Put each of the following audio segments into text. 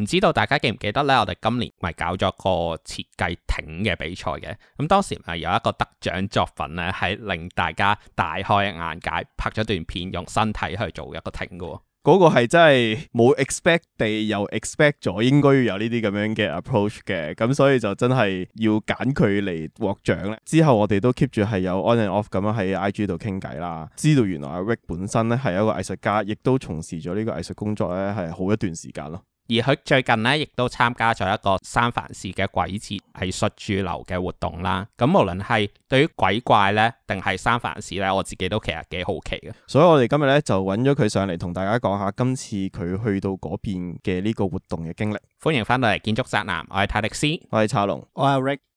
唔知道大家記唔記得咧？我哋今年咪搞咗個設計艇嘅比賽嘅。咁當時咪有一個得獎作品咧，係令大家大開眼界，拍咗段片，用身體去做一個艇嘅。嗰個係真係冇 expect 地又 expect 咗，應該要有呢啲咁樣嘅 approach 嘅。咁所以就真係要揀佢嚟獲獎咧。之後我哋都 keep 住係有 on and off 咁樣喺 IG 度傾偈啦。知道原來阿 RiK 本身咧係一個藝術家，亦都從事咗呢個藝術工作咧，係好一段時間咯。而佢最近咧，亦都參加咗一個三藩市嘅鬼節藝術駐留嘅活動啦。咁無論係對於鬼怪咧，定係三藩市咧，我自己都其實幾好奇嘅。所以我哋今日咧就揾咗佢上嚟，同大家講下今次佢去到嗰邊嘅呢個活動嘅經歷。歡迎翻到嚟《建築宅男》，我係泰迪斯，我係查龍，我係 Rick。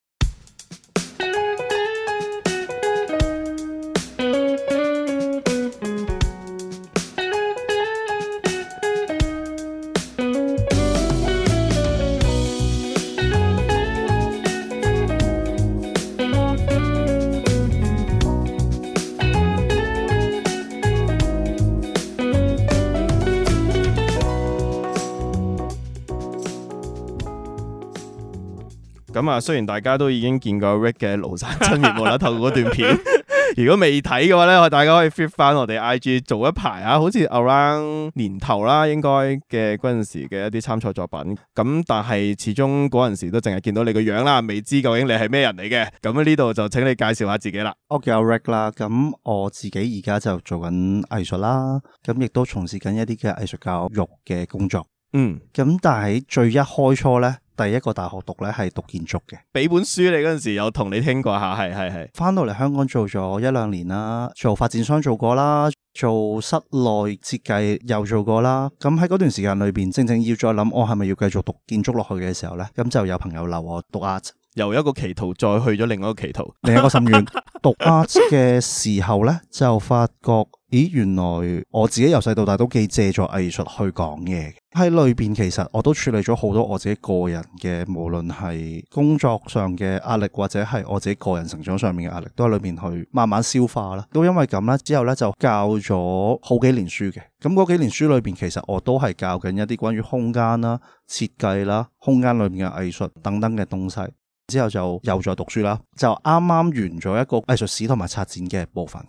咁啊，雖然大家都已經見過 RiK 嘅《廬山真面目》啦， 透過嗰段片， 如果未睇嘅話咧，我大家可以 fit 翻我哋 IG 做一排啊，好似 around 年頭啦，應該嘅嗰陣時嘅一啲參賽作品。咁但係始終嗰陣時都淨係見到你個樣啦，未知究竟你係咩人嚟嘅？咁呢度就請你介紹下自己啦。我叫 RiK 啦，咁我自己而家就在做緊藝術啦，咁亦都從事緊一啲嘅藝術教育嘅工作。嗯，咁但係最一開初咧，第一個大學讀咧係讀建築嘅，俾本書你嗰陣時有同你聽過下，係係係，翻到嚟香港做咗一兩年啦，做發展商做過啦，做室內設計又做過啦，咁喺嗰段時間裏邊，正正要再諗我係咪要繼續讀建築落去嘅時候咧，咁就有朋友留我讀 art。由一個歧途再去咗另外一個歧途，另一個深淵。 讀 Art 嘅時候呢，就發覺，咦，原來我自己由細到大都幾借助藝術去講嘢。喺裏邊其實我都處理咗好多我自己個人嘅，無論係工作上嘅壓力，或者係我自己個人成長上面嘅壓力，都喺裏面去慢慢消化啦。都因為咁啦，之後呢，就教咗好幾年書嘅。咁、那、嗰、個、幾年書裏邊，其實我都係教緊一啲關於空間啦、設計啦、空間裏面嘅藝術等等嘅東西。之後就又再讀書啦，就啱啱完咗一個藝術史同埋策展嘅部分。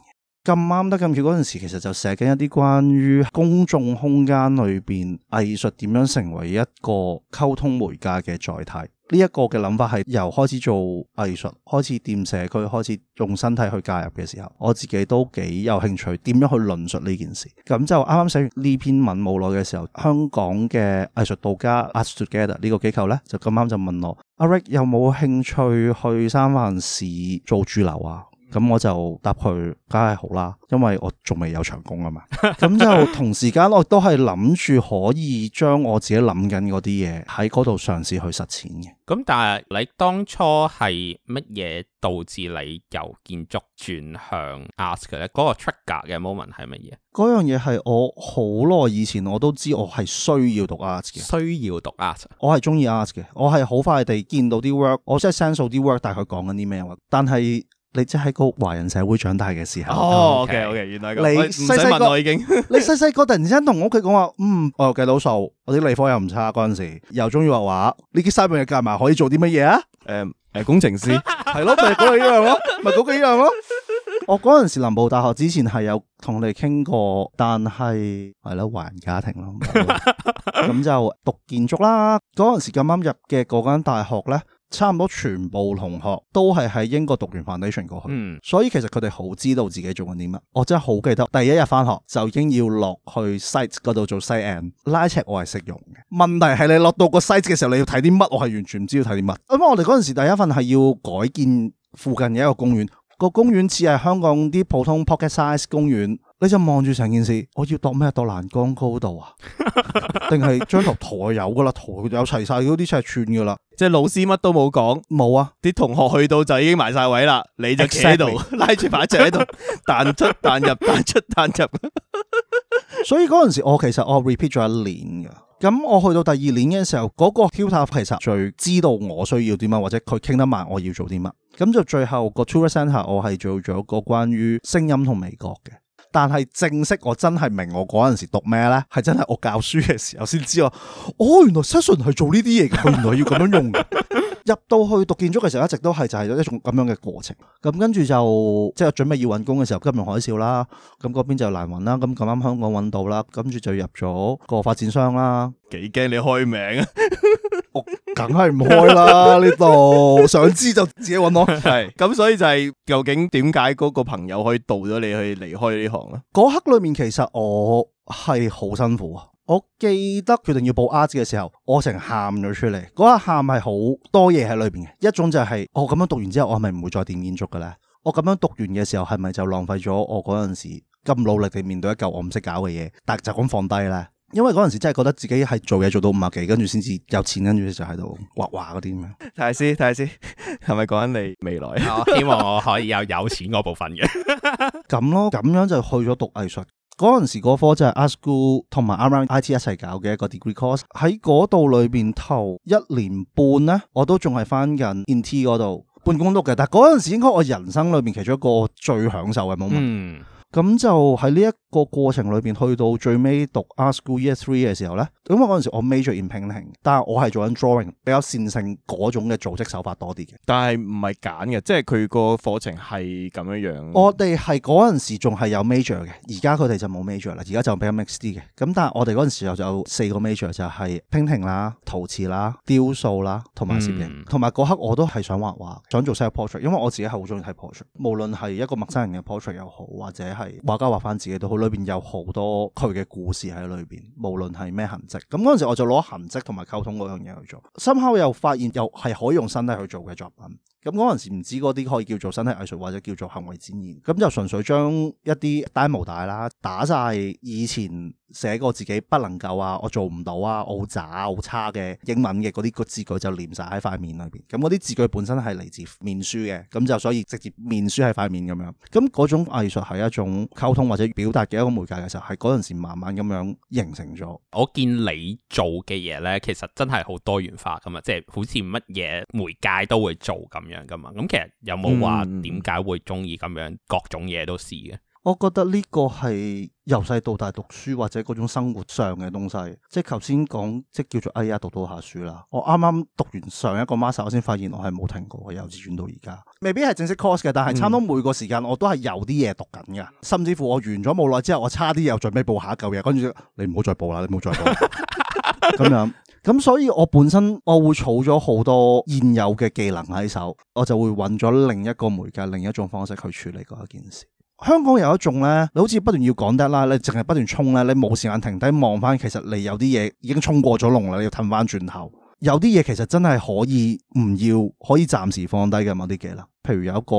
咁啱得咁巧時，嗰陣時其實就寫緊一啲關於公眾空間裏邊藝術點樣成為一個溝通媒介嘅載體。呢、這、一個嘅諗法係由開始做藝術，開始掂社區，開始用身體去介入嘅時候，我自己都幾有興趣點樣去論述呢件事。咁就啱啱寫完呢篇文冇耐嘅時候，香港嘅藝術到家 Art Together 呢個機構呢，就咁啱就問我阿 RiK 有冇興趣去三藩市做駐留啊？咁我就答佢，梗係好啦，因為我仲未有長工啊嘛。咁 就同時間，我都係諗住可以將我自己諗緊嗰啲嘢喺嗰度嘗試去實踐嘅。咁但係你當初係乜嘢導致你由建築轉向 art 嘅咧？嗰個 trigger 嘅 moment 係乜嘢？嗰樣嘢係我好耐以前我都知，我係需要讀 art 嘅。需要讀 art, 要讀 art? 我 art。我係中意 art 嘅，我係好快地見到啲 work，我即係 sense 到啲 work 大概講緊啲咩話，但係。你即喺個華人社會長大嘅時候，哦，OK，OK，原來你細細個已經，你細細個突然之間同我屋企講話，嗯，我又計到數，我啲理科又唔差，嗰陣時又中意畫畫，呢啲三樣嘢夾埋可以做啲乜嘢啊？誒誒、um, 嗯，工程師係咯，咪嗰幾樣咯，咪嗰幾樣咯。 我嗰陣時林保大學之前係有同你傾過，但係係咯華人家庭咯，咁 就讀建築啦。嗰陣時咁啱入嘅嗰間大學咧。差唔多全部同學都係喺英國讀完 foundation 過去，嗯、所以其實佢哋好知道自己做緊啲乜。我真係好記得第一日返學就已經要落去 site 嗰度做 site end，拉尺我係識用嘅。問題係你落到個 site 嘅時候，你要睇啲乜？我係完全唔知道睇啲乜。咁我哋嗰陣時第一份係要改建附近嘅一個公園。個公園似係香港啲普通 pocket size 公園，你就望住成件事。我要度咩？度欄杆高度啊？定係張圖圖有噶啦，圖有齊晒嗰啲，即係串噶啦。即係老師乜都冇講，冇啊！啲同學去到就已經埋晒位啦，你就企喺度拉住把尺喺度彈出彈入彈出彈入。所以嗰陣時我其實我 repeat 咗一年噶。咁我去到第二年嘅時候，嗰、那個 t u 其實最知道我需要啲乜，或者佢傾得慢，我要做啲乜。咁就最後個 Two Percent 下，我係做咗個關於聲音同味覺嘅。但係正式我真係明我嗰陣時讀咩咧，係真係我教書嘅時候先知啊。哦，原來 Session 係做呢啲嘢，佢原來要咁樣用嘅。 入到去讀建築嘅時候，一直都係就係一種咁樣嘅過程。咁跟住就即係準備要揾工嘅時候，金融海嘯啦，咁嗰邊就難揾啦。咁咁啱香港揾到啦，跟住就入咗個發展商啦。幾驚你開名啊！我梗係唔開啦，呢度 想知就自己揾我。係 咁，所以就係、是、究竟點解嗰個朋友可以導咗你去離開呢行咧？嗰 刻裏面其實我係好辛苦啊。我記得決定要報 Art 嘅時候，我成喊咗出嚟。嗰一下喊係好多嘢喺裏邊嘅，一種就係我咁樣讀完之後，我係咪唔會再掂面足嘅咧？我咁樣讀完嘅時候，係咪就浪費咗我嗰陣時咁努力地面對一嚿我唔識搞嘅嘢？但係就咁放低咧，因為嗰陣時真係覺得自己係做嘢做到五啊幾，跟住先至有錢，跟住就喺度畫畫嗰啲咁樣。睇下先，睇下先，係咪講緊你未來？ 希望我可以有有錢嗰部分嘅，咁 咯，咁樣就去咗讀藝術。嗰陣時嗰科就係阿 School 同埋 Around IT、S、一齊搞嘅一個 degree course，喺嗰度裏邊頭一年半咧，我都仲係返緊 Inti 嗰度半工讀嘅，但係嗰陣時應該我人生裏邊其中一個最享受嘅 moment。嗯咁就喺呢一個過程裏邊，去到最尾讀 Art School Year Three 嘅時候呢。咁我嗰陣時我 major in painting，但係我係做緊 drawing，比較線性嗰種嘅組織手法多啲嘅。但係唔係揀嘅，即係佢個課程係咁樣樣。我哋係嗰陣時仲係有 major 嘅，而家佢哋就冇 major 啦，而家就比較 mixed 啲嘅。咁但係我哋嗰陣時候就有四個 major 就係 painting 啦、陶瓷啦、雕塑啦同埋攝影，同埋嗰刻我都係想畫畫，想做寫 portrait，因為我自己係好中意睇 portrait，無論係一個陌生人嘅 portrait 又好，或者係，係畫家畫翻自己都好，裏邊有好多佢嘅故事喺裏邊，無論係咩痕跡。咁嗰陣時，我就攞痕跡同埋溝通嗰樣嘢去做，深刻又發現又係可以用身體去做嘅作品。咁嗰陣時唔知嗰啲可以叫做身體藝術或者叫做行為展現，咁就純粹將一啲呆毛帶啦，打晒以前寫過自己不能夠啊，我做唔到啊，我渣好差嘅英文嘅嗰啲個字句就黏晒喺塊面裏邊。咁嗰啲字句本身係嚟自面書嘅，咁就所以直接面書喺塊面咁樣。咁嗰種藝術係一種溝通或者表達嘅一個媒介嘅時候，係嗰陣時慢慢咁樣形成咗。我見你做嘅嘢咧，其實真係好多元化噶嘛，即係好似乜嘢媒介都會做咁樣。樣噶嘛？咁、嗯、其實有冇話點解會中意咁樣各種嘢都試嘅？我覺得呢個係由細到大讀書或者嗰種生活上嘅東西，即係頭先講，即係叫做哎呀，讀到下書啦。我啱啱讀完上一個 master，我先發現我係冇停過，幼稚園到而家，未必係正式 course 嘅，但係差唔多每個時間我都係有啲嘢讀緊噶，甚至乎我完咗冇耐之後，我差啲又最尾報下一嚿嘢，跟住你唔好再報啦，你唔好再報，咁 樣。咁所以，我本身我會儲咗好多現有嘅技能喺手，我就會揾咗另一個媒介、另一種方式去處理嗰一件事。香港有一種呢，你好似不斷要講得啦，你淨係不斷衝呢，你冇時間停低望翻，其實你有啲嘢已經衝過咗龍啦，你要褪翻轉頭。有啲嘢其實真係可以唔要，可以暫時放低嘅某啲技能。譬如有一個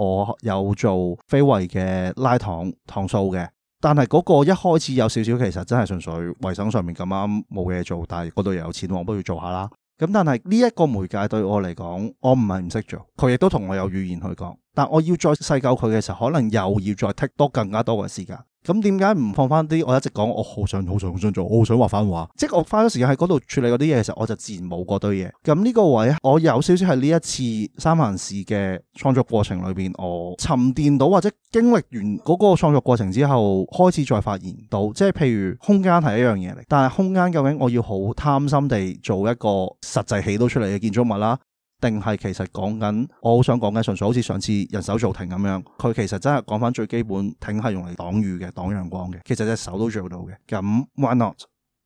我有做非遺嘅拉糖糖塑嘅。但係嗰個一開始有少少，其實真係純粹衛生上面咁啱冇嘢做，但係嗰度又有錢，我不如做下啦。咁但係呢一個媒介對我嚟講，我唔係唔識做，佢亦都同我有語言去講。但我要再細究佢嘅時候，可能又要再剔多更加多嘅時間。咁點解唔放翻啲？我一直講，我好想、好想、好想做，我好想話返話，即係我花咗時間喺嗰度處理嗰啲嘢嘅時候，我就自然冇嗰堆嘢。咁呢個位我有少少喺呢一次三藩市嘅創作過程裏邊，我沉澱到或者經歷完嗰個創作過程之後，開始再發現到，即係譬如空間係一樣嘢嚟，但係空間究竟我要好貪心地做一個實際起到出嚟嘅建築物啦。定係其實講緊，我好想講緊，純粹好似上次人手做亭咁樣，佢其實真係講翻最基本，亭係用嚟擋雨嘅、擋陽光嘅，其實隻手都做唔到嘅。咁 why not？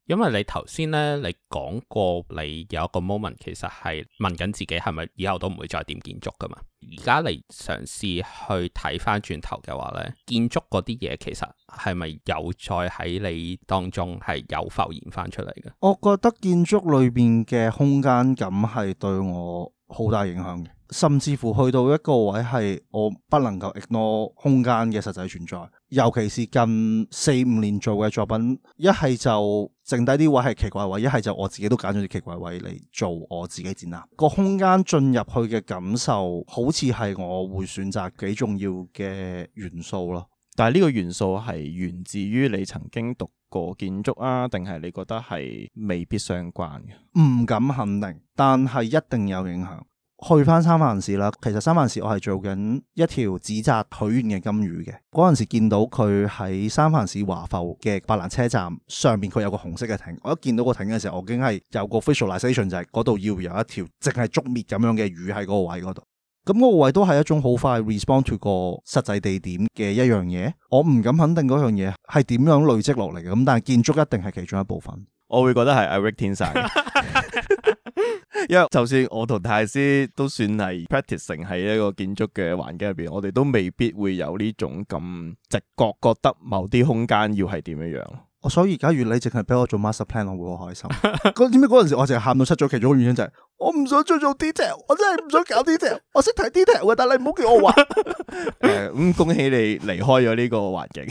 因為你頭先咧，你講過你有一個 moment，其實係問緊自己係咪以後都唔會再點建築噶嘛。而家你嘗試去睇翻轉頭嘅話咧，建築嗰啲嘢其實係咪有再喺你當中係有浮現翻出嚟嘅？我覺得建築裏邊嘅空間感係對我，好大影響嘅，甚至乎去到一個位係我不能夠 ignore 空間嘅實際存在，尤其是近四五年做嘅作品，一係就剩低啲位係奇怪位，一係就我自己都揀咗啲奇怪位嚟做我自己展覽，個空間進入去嘅感受，好似係我會選擇幾重要嘅元素咯。但係呢個元素係源自於你曾經讀過建築啊，定係你覺得係未必相關嘅？唔敢肯定，但係一定有影響。去返三藩市啦，其實三藩市我係做緊一條紙紮許願嘅金魚嘅。嗰陣時見到佢喺三藩市華埠嘅白蘭車站上面，佢有個紅色嘅亭。我一見到個亭嘅時候，我已經係有個 visualization 就係嗰度要有一條淨係捉滅咁樣嘅魚喺嗰個位嗰度。咁個位都係一種好快 respond to 個實際地點嘅一樣嘢，我唔敢肯定嗰樣嘢係點樣累積落嚟嘅，咁但係建築一定係其中一部分。我會覺得係 RiK 天生 因為就算我同泰師都算係 practicing 喺一個建築嘅環境入邊，我哋都未必會有呢種咁直覺覺得某啲空間要係點樣樣。我 所以假如你淨係俾我做 master plan，我會好開心。點解嗰陣時我淨係喊到出咗，其中嘅原因就係、是。我唔想再做 detail，我真係唔想搞 detail。我識睇 detail 嘅，但係你唔好叫我畫。咁、 呃、恭喜你離開咗呢個環境。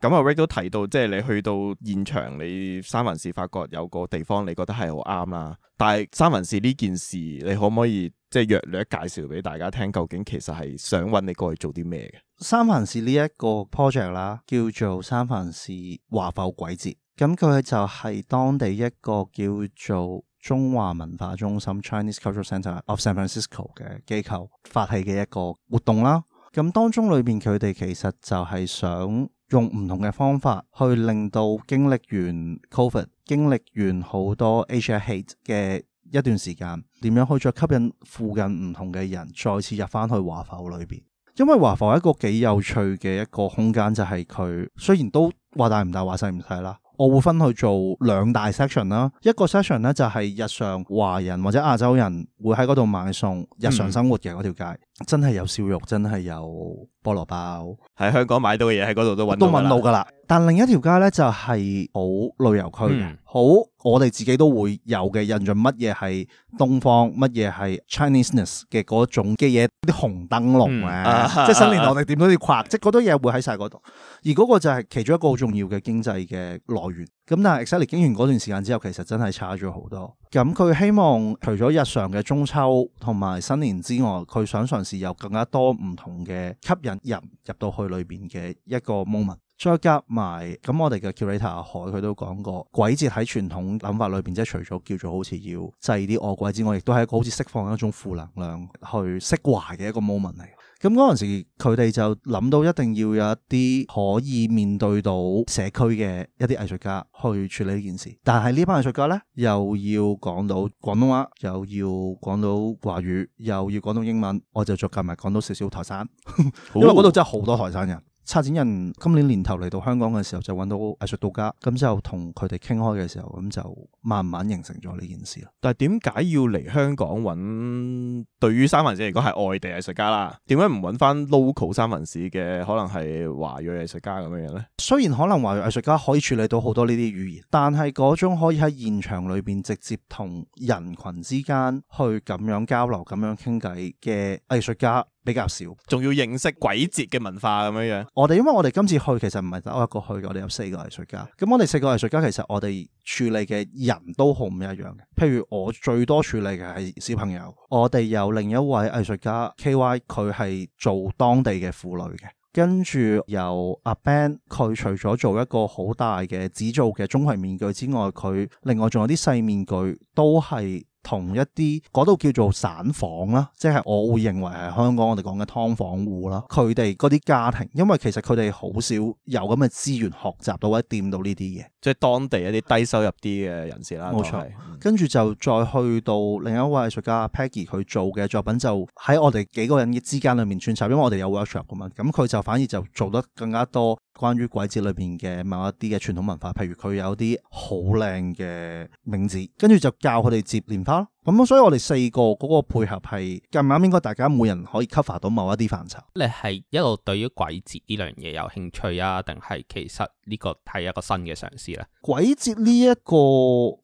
咁 阿 RiK 都提到，即、就、係、是、你去到現場，你三藩市發覺有個地方你覺得係好啱啦。但係三藩市呢件事，你可唔可以即係略略介紹俾大家聽？究竟其實係想揾你過去做啲咩嘅？三藩市呢一個 project 啦，叫做三藩市華埠鬼節。咁佢就係當地一個叫做。中華文化中心 Chinese Cultural Center of San Francisco 嘅機構發起嘅一個活動啦，咁當中裏邊佢哋其實就係想用唔同嘅方法去令到經歷完 Covid、經歷完好多 Asian Hate 嘅一段時間，點樣去再吸引附近唔同嘅人再次入翻去華埠裏邊，因為華埠一個幾有趣嘅一個空間，就係、是、佢雖然都話大唔大，話細唔細啦。我會分去做兩大 section 啦，一個 section 咧就係日常華人或者亞洲人會喺嗰度買餸、日常生活嘅嗰條街。嗯真係有燒肉，真係有菠蘿包。喺香港買到嘅嘢，喺嗰度都揾到啦。但另一條街咧就係、是、好旅遊區嘅，嗯、好我哋自己都會有嘅印象。乜嘢係東方，乜嘢係 Chineseness 嘅嗰種嘅嘢，啲紅燈籠咧，嗯、即係新年我哋點都要掛，嗯、即係嗰啲嘢會喺晒嗰度。而嗰個就係其中一個好重要嘅經濟嘅來源。咁但係 exactly 經完嗰段時間之後，其實真係差咗好多。咁佢希望除咗日常嘅中秋同埋新年之外，佢想嘗試有更加多唔同嘅吸引人入，入到去裏邊嘅一個 moment。再加埋咁我哋嘅 curator 阿海，佢都講過鬼節喺傳統諗法裏邊，即係除咗叫做好似要祭啲惡鬼之外，亦都係一個好似釋放一種負能量去釋懷嘅一個 moment 嚟。咁嗰陣時，佢哋就諗到一定要有一啲可以面對到社區嘅一啲藝術家去處理呢件事。但係呢班藝術家呢，又要講到廣東話，又要講到華語，又要講到英文，我就再加埋講到少少台山， 因為嗰度真係好多台山人。策展人今年年頭嚟到香港嘅時候就揾到藝術到家，咁就同佢哋傾開嘅時候，咁就慢慢形成咗呢件事啦。但係點解要嚟香港揾？對於三藩市嚟講係外地藝術家啦，點解唔揾翻 local 三藩市嘅？可能係華裔藝術家咁嘅嘢呢。雖然可能華裔藝術家可以處理到好多呢啲語言，但係嗰種可以喺現場裏邊直接同人群之間去咁樣交流、咁樣傾偈嘅藝術家。比較少，仲要認識鬼節嘅文化咁樣樣。我哋因為我哋今次去其實唔係得一個去，我哋有四個藝術家。咁我哋四個藝術家其實我哋處理嘅人都好唔一樣嘅。譬如我最多處理嘅係小朋友。我哋有另一位藝術家 KY，佢係做當地嘅婦女嘅。跟住由阿 Ben，佢除咗做一個好大嘅紙造嘅中型面具之外，佢另外仲有啲細面具都係。同一啲嗰度叫做散房啦，即係我會認為係香港我哋講嘅劏房戶啦。佢哋嗰啲家庭，因為其實佢哋好少有咁嘅資源學習到或者掂到呢啲嘢，即係當地一啲低收入啲嘅人士啦。冇錯錯，嗯、跟住就再去到另一位藝術家 Peggy 佢做嘅作品就喺我哋幾個人嘅之間裏面穿插，因為我哋有 workshop 噶嘛，咁佢就反而就做得更加多關於鬼節裏邊嘅某一啲嘅傳統文化，譬如佢有啲好靚嘅冥紙，跟住就教佢哋摺蓮花。咁、嗯、所以我哋四個嗰個配合係，咁啱應該大家每人可以 cover 到某一啲範疇。你係一路對於鬼節呢樣嘢有興趣啊，定係其實呢個係一個新嘅嘗試咧？鬼節呢一個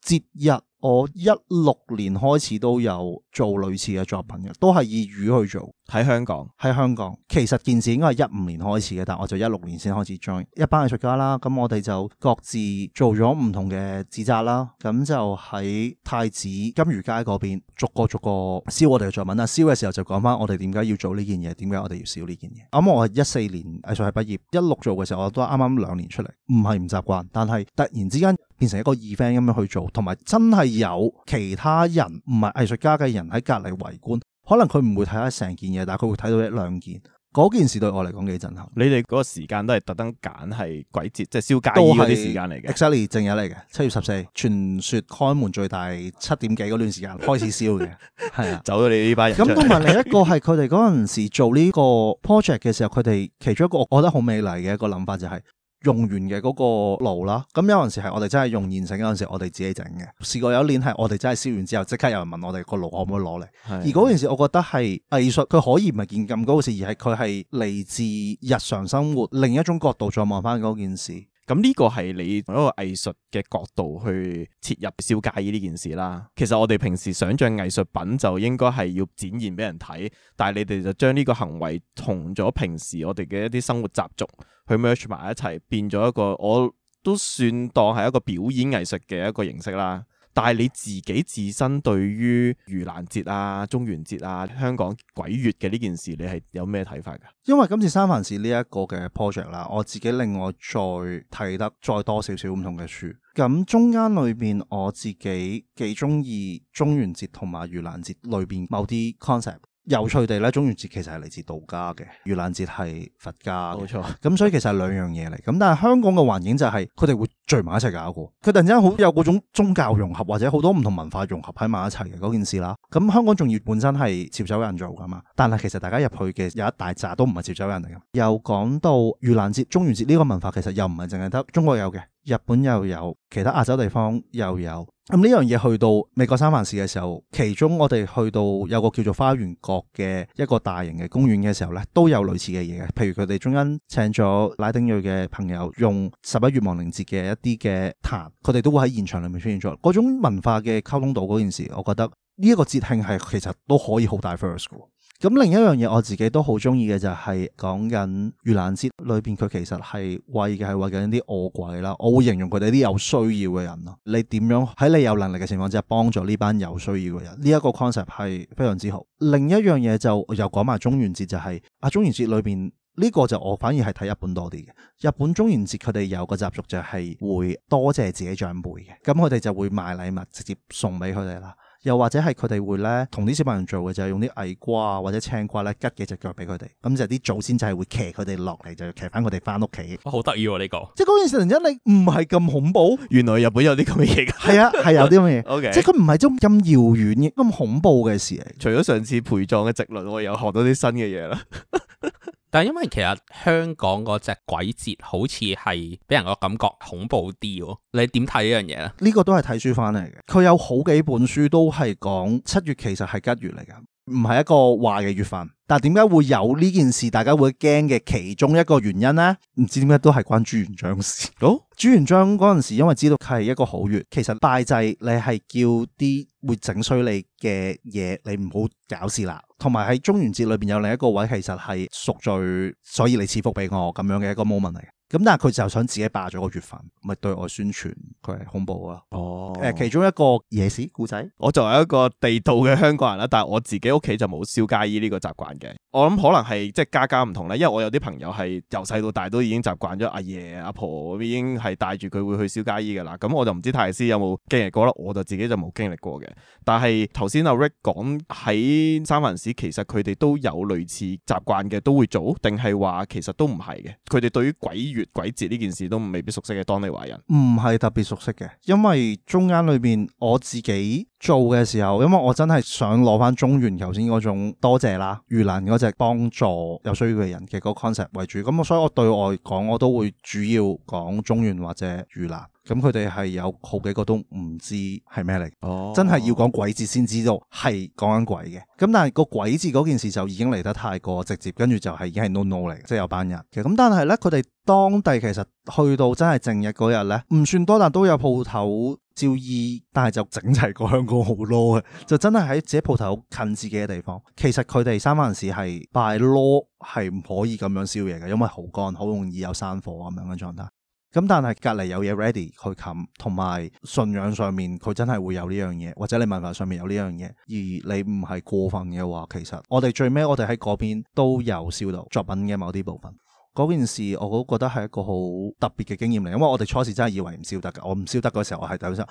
節日，我一六年開始都有。做類似嘅作品嘅，都係以魚去做。喺香港，喺香港，其實件事應該係一五年開始嘅，但我就一六年先開始 join 一班藝術家啦。咁我哋就各自做咗唔同嘅紙紮啦。咁就喺太子金魚街嗰邊，逐個逐個燒我哋嘅作品啦。燒嘅時候就講翻我哋點解要做呢件嘢，點解我哋要燒呢件嘢。咁、嗯、我係一四年藝術系畢業，一六做嘅時候我都啱啱兩年出嚟，唔係唔習慣，但係突然之間變成一個 event 咁樣去做，同埋真係有其他人唔係藝術家嘅人。喺隔籬圍觀，可能佢唔會睇下成件嘢，但係佢會睇到一兩件。嗰件事對我嚟講幾震撼。你哋嗰個時間都係特登揀係鬼節，即係燒街衣啲時間嚟嘅。exactly 正日嚟嘅，七月十四，傳說開門最大七點幾嗰段時間開始燒嘅，係 啊，走咗你呢班人。咁同埋另一個係佢哋嗰陣時做呢個 project 嘅時候，佢哋其中一個我覺得好美麗嘅一個諗法就係、是。用完嘅嗰個爐啦，咁有陣時係我哋真係用現成，有陣時，我哋自己整嘅。試過有一年係我哋真係燒完之後，即刻有人問我哋個爐可唔可以攞嚟。的而嗰件事我覺得係藝術，佢可以唔係見咁高事，而係佢係嚟自日常生活另一種角度再望翻嗰件事。咁呢個係你從一個藝術嘅角度去切入燒街衣呢件事啦。其實我哋平時想象藝術品就應該係要展現俾人睇，但係你哋就將呢個行為同咗平時我哋嘅一啲生活習俗去 merge 埋一齊，變咗一個我都算當係一個表演藝術嘅一個形式啦。但係你自己自身對於盂蘭節啊、中元節啊、香港鬼月嘅呢件事，你係有咩睇法㗎？因為今次三藩市呢一個嘅 project 啦，我自己另外再睇得再多少少唔同嘅書，咁中間裏邊我自己幾中意中元節同埋盂蘭節裏邊某啲 concept。有趣地咧，中元節其實係嚟自道家嘅，盂蘭節係佛家嘅，冇錯。咁錯所以其實係兩樣嘢嚟。咁但係香港嘅環境就係，佢哋會聚埋一齊搞嘅。佢突然間好有嗰種宗教融合或者好多唔同文化融合喺埋一齊嘅嗰件事啦。咁香港仲要本身係潮州人做噶嘛，但係其實大家入去嘅有一大紮都唔係潮州人嚟嘅。又講到盂蘭節、中元節呢個文化，其實又唔係淨係得中國有嘅。日本又有，其他亞洲地方又有，咁、嗯、呢樣嘢去到美國三藩市嘅時候，其中我哋去到有個叫做花園角嘅一個大型嘅公園嘅時候呢都有類似嘅嘢嘅，譬如佢哋中間請咗拉丁裔嘅朋友用十一月亡靈節嘅一啲嘅壇，佢哋都會喺現場裏面出現咗，嗰種文化嘅溝通到嗰件事，我覺得呢一個節慶係其實都可以好 diverse 嘅。咁另一樣嘢我自己都好中意嘅就係講緊盂蘭節裏邊，佢其實係餵嘅係餵緊啲餓鬼啦。我會形容佢哋啲有需要嘅人啦。你點樣喺你有能力嘅情況之下幫助呢班有需要嘅人？呢一個 concept 係非常之好。另一樣嘢就又講埋中元節，就係啊，中元節裏邊呢個就我反而係睇日本多啲嘅。日本中元節佢哋有個習俗就係會多謝自己長輩嘅，咁佢哋就會買禮物直接送俾佢哋啦。又或者係佢哋會咧同啲小朋友做嘅就係用啲矮瓜或者青瓜咧，吉幾隻腳俾佢哋，咁就啲祖先就係會騎佢哋落嚟，就騎翻佢哋翻屋企。好得意呢個，即係嗰陣時突然之間，你唔係咁恐怖。原來日本有啲咁嘅嘢，係啊係有啲咁嘅嘢。 Okay. 即係佢唔係咁咁遙遠嘅咁恐怖嘅事嚟。除咗上次陪葬嘅埴輪，我又學到啲新嘅嘢啦。 但因為其實香港嗰隻鬼節好似係俾人個感覺恐怖啲喎，你點睇呢樣嘢咧？呢個都係睇書返嚟嘅，佢有好幾本書都係講七月其實係吉月嚟㗎。唔係一個壞嘅月份，但係點解會有呢件事？大家會驚嘅其中一個原因呢？唔知點解都係關朱元璋事。哦，朱元璋嗰陣時，因為知道佢係一個好月，其實拜祭你係叫啲會整衰你嘅嘢，你唔好搞事啦。同埋喺中元節裏邊有另一個位，其實係贖罪，所以你賜福俾我咁樣嘅一個 moment 嚟。咁但係佢就想自己霸咗個月份，咪對外宣傳佢係恐怖咯。哦，誒，其中一個野史故仔。我作為一個地道嘅香港人啦，但係我自己屋企就冇燒街衣呢個習慣嘅。我諗可能係即係家家唔同啦，因為我有啲朋友係由細到大都已經習慣咗阿爺阿婆已經係帶住佢會去燒街衣嘅啦。咁我就唔知泰斯有冇經歷過啦，我就自己就冇經歷過嘅。但係頭先阿 Rick 講，喺三藩市，其實佢哋都有類似習慣嘅，都會做，定係話其實都唔係嘅。佢哋對於鬼語。鬼節呢件事都未必熟悉嘅，當地華人唔係特別熟悉嘅，因為中間裏邊我自己。做嘅時候，因為我真係想攞翻中元頭先嗰種多謝啦，盂蘭嗰隻幫助有需要嘅人嘅個 concept 為主。咁我所以我對外講我都會主要講中元或者盂蘭。咁佢哋係有好幾個都唔知係咩嚟，哦、真係要講鬼字先知道係講緊鬼嘅。咁但係個鬼字嗰件事就已經嚟得太過直接，跟住就係已經係 no no 嚟，即係有班人嘅。咁但係呢，佢哋當地其實去到真係正日嗰日呢，唔算多，但都有鋪頭。照意，但係就整齊過香港好多嘅， 就真係喺自己鋪頭近自己嘅地方。其實佢哋三藩市係 by law 係唔可以咁樣燒嘢嘅，因為好乾，好容易有山火咁樣嘅狀態。咁但係隔籬有嘢 ready，佢冚，同埋信仰上面佢真係會有呢樣嘢，或者你文化上面有呢樣嘢，而你唔係過分嘅話，其實我哋最尾我哋喺嗰邊都有燒到作品嘅某啲部分。嗰件事我都覺得係一個好特別嘅經驗嚟，因為我哋初時真係以為唔燒得嘅，我唔燒得嗰時候我係突然之間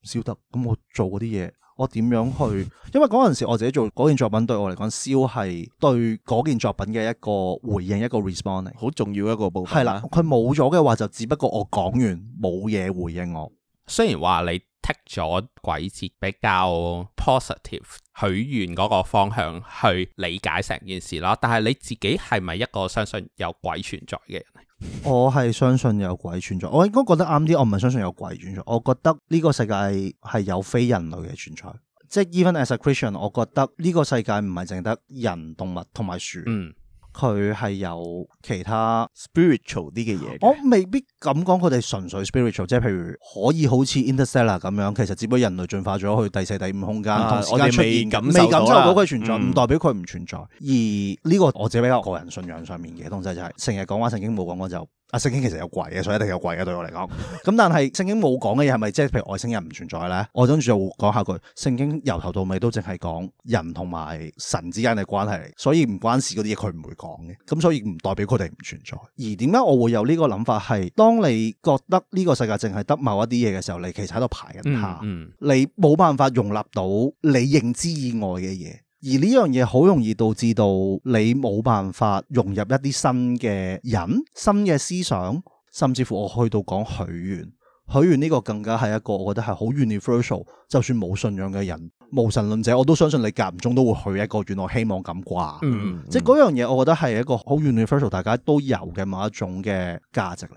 唔燒得，咁我做嗰啲嘢，我點樣去？因為嗰陣時我自己做嗰件作品，對我嚟講，燒係對嗰件作品嘅一個回應，一個 responding，好重要一個部分。係啦，佢冇咗嘅話，就只不過我講完冇嘢回應我。雖然話你。take 咗鬼節比較 positive 許願嗰個方向去理解成件事咯，但係你自己係咪一個相信有鬼存在嘅人？我係相信有鬼存在，我應該覺得啱啲。我唔係相信有鬼存在，我覺得呢個世界係有非人類嘅存在，即係 even as a Christian 我覺得呢個世界唔係淨得人、動物同埋樹。嗯佢係有其他 spiritual 啲嘅嘢，我未必咁講佢哋純粹 spiritual，即係譬如可以好似 Interstellar 咁樣，其實只不過人類進化咗去第四、第五空間，同時間出現我哋未感受到佢存在，唔、嗯、代表佢唔存在。而呢個我自己比較個人信仰上面嘅，東西就係成日講話曾經冇講過，我就。啊，聖經其實有鬼嘅，所以一定有鬼嘅對我嚟講。咁 但係聖經冇講嘅嘢係咪即係譬如外星人唔存在咧？我跟住就講下句，聖經由頭到尾都淨係講人同埋神之間嘅關係，所以唔關事嗰啲嘢佢唔會講嘅。咁所以唔代表佢哋唔存在。而點解我會有呢個諗法？係當你覺得呢個世界淨係得某一啲嘢嘅時候，你其實喺度排緊佢，嗯嗯、你冇辦法容納到你認知以外嘅嘢。而呢樣嘢好容易導致到你冇辦法融入一啲新嘅人、新嘅思想，甚至乎我去到講許願，許願呢個更加係一個我覺得係好 universal，就算冇信仰嘅人、無神論者，我都相信你間唔中都會許一個願，我希望咁啩。嗯嗯，即係嗰樣嘢，我覺得係一個好 universal，大家都有嘅某一種嘅價值嚟。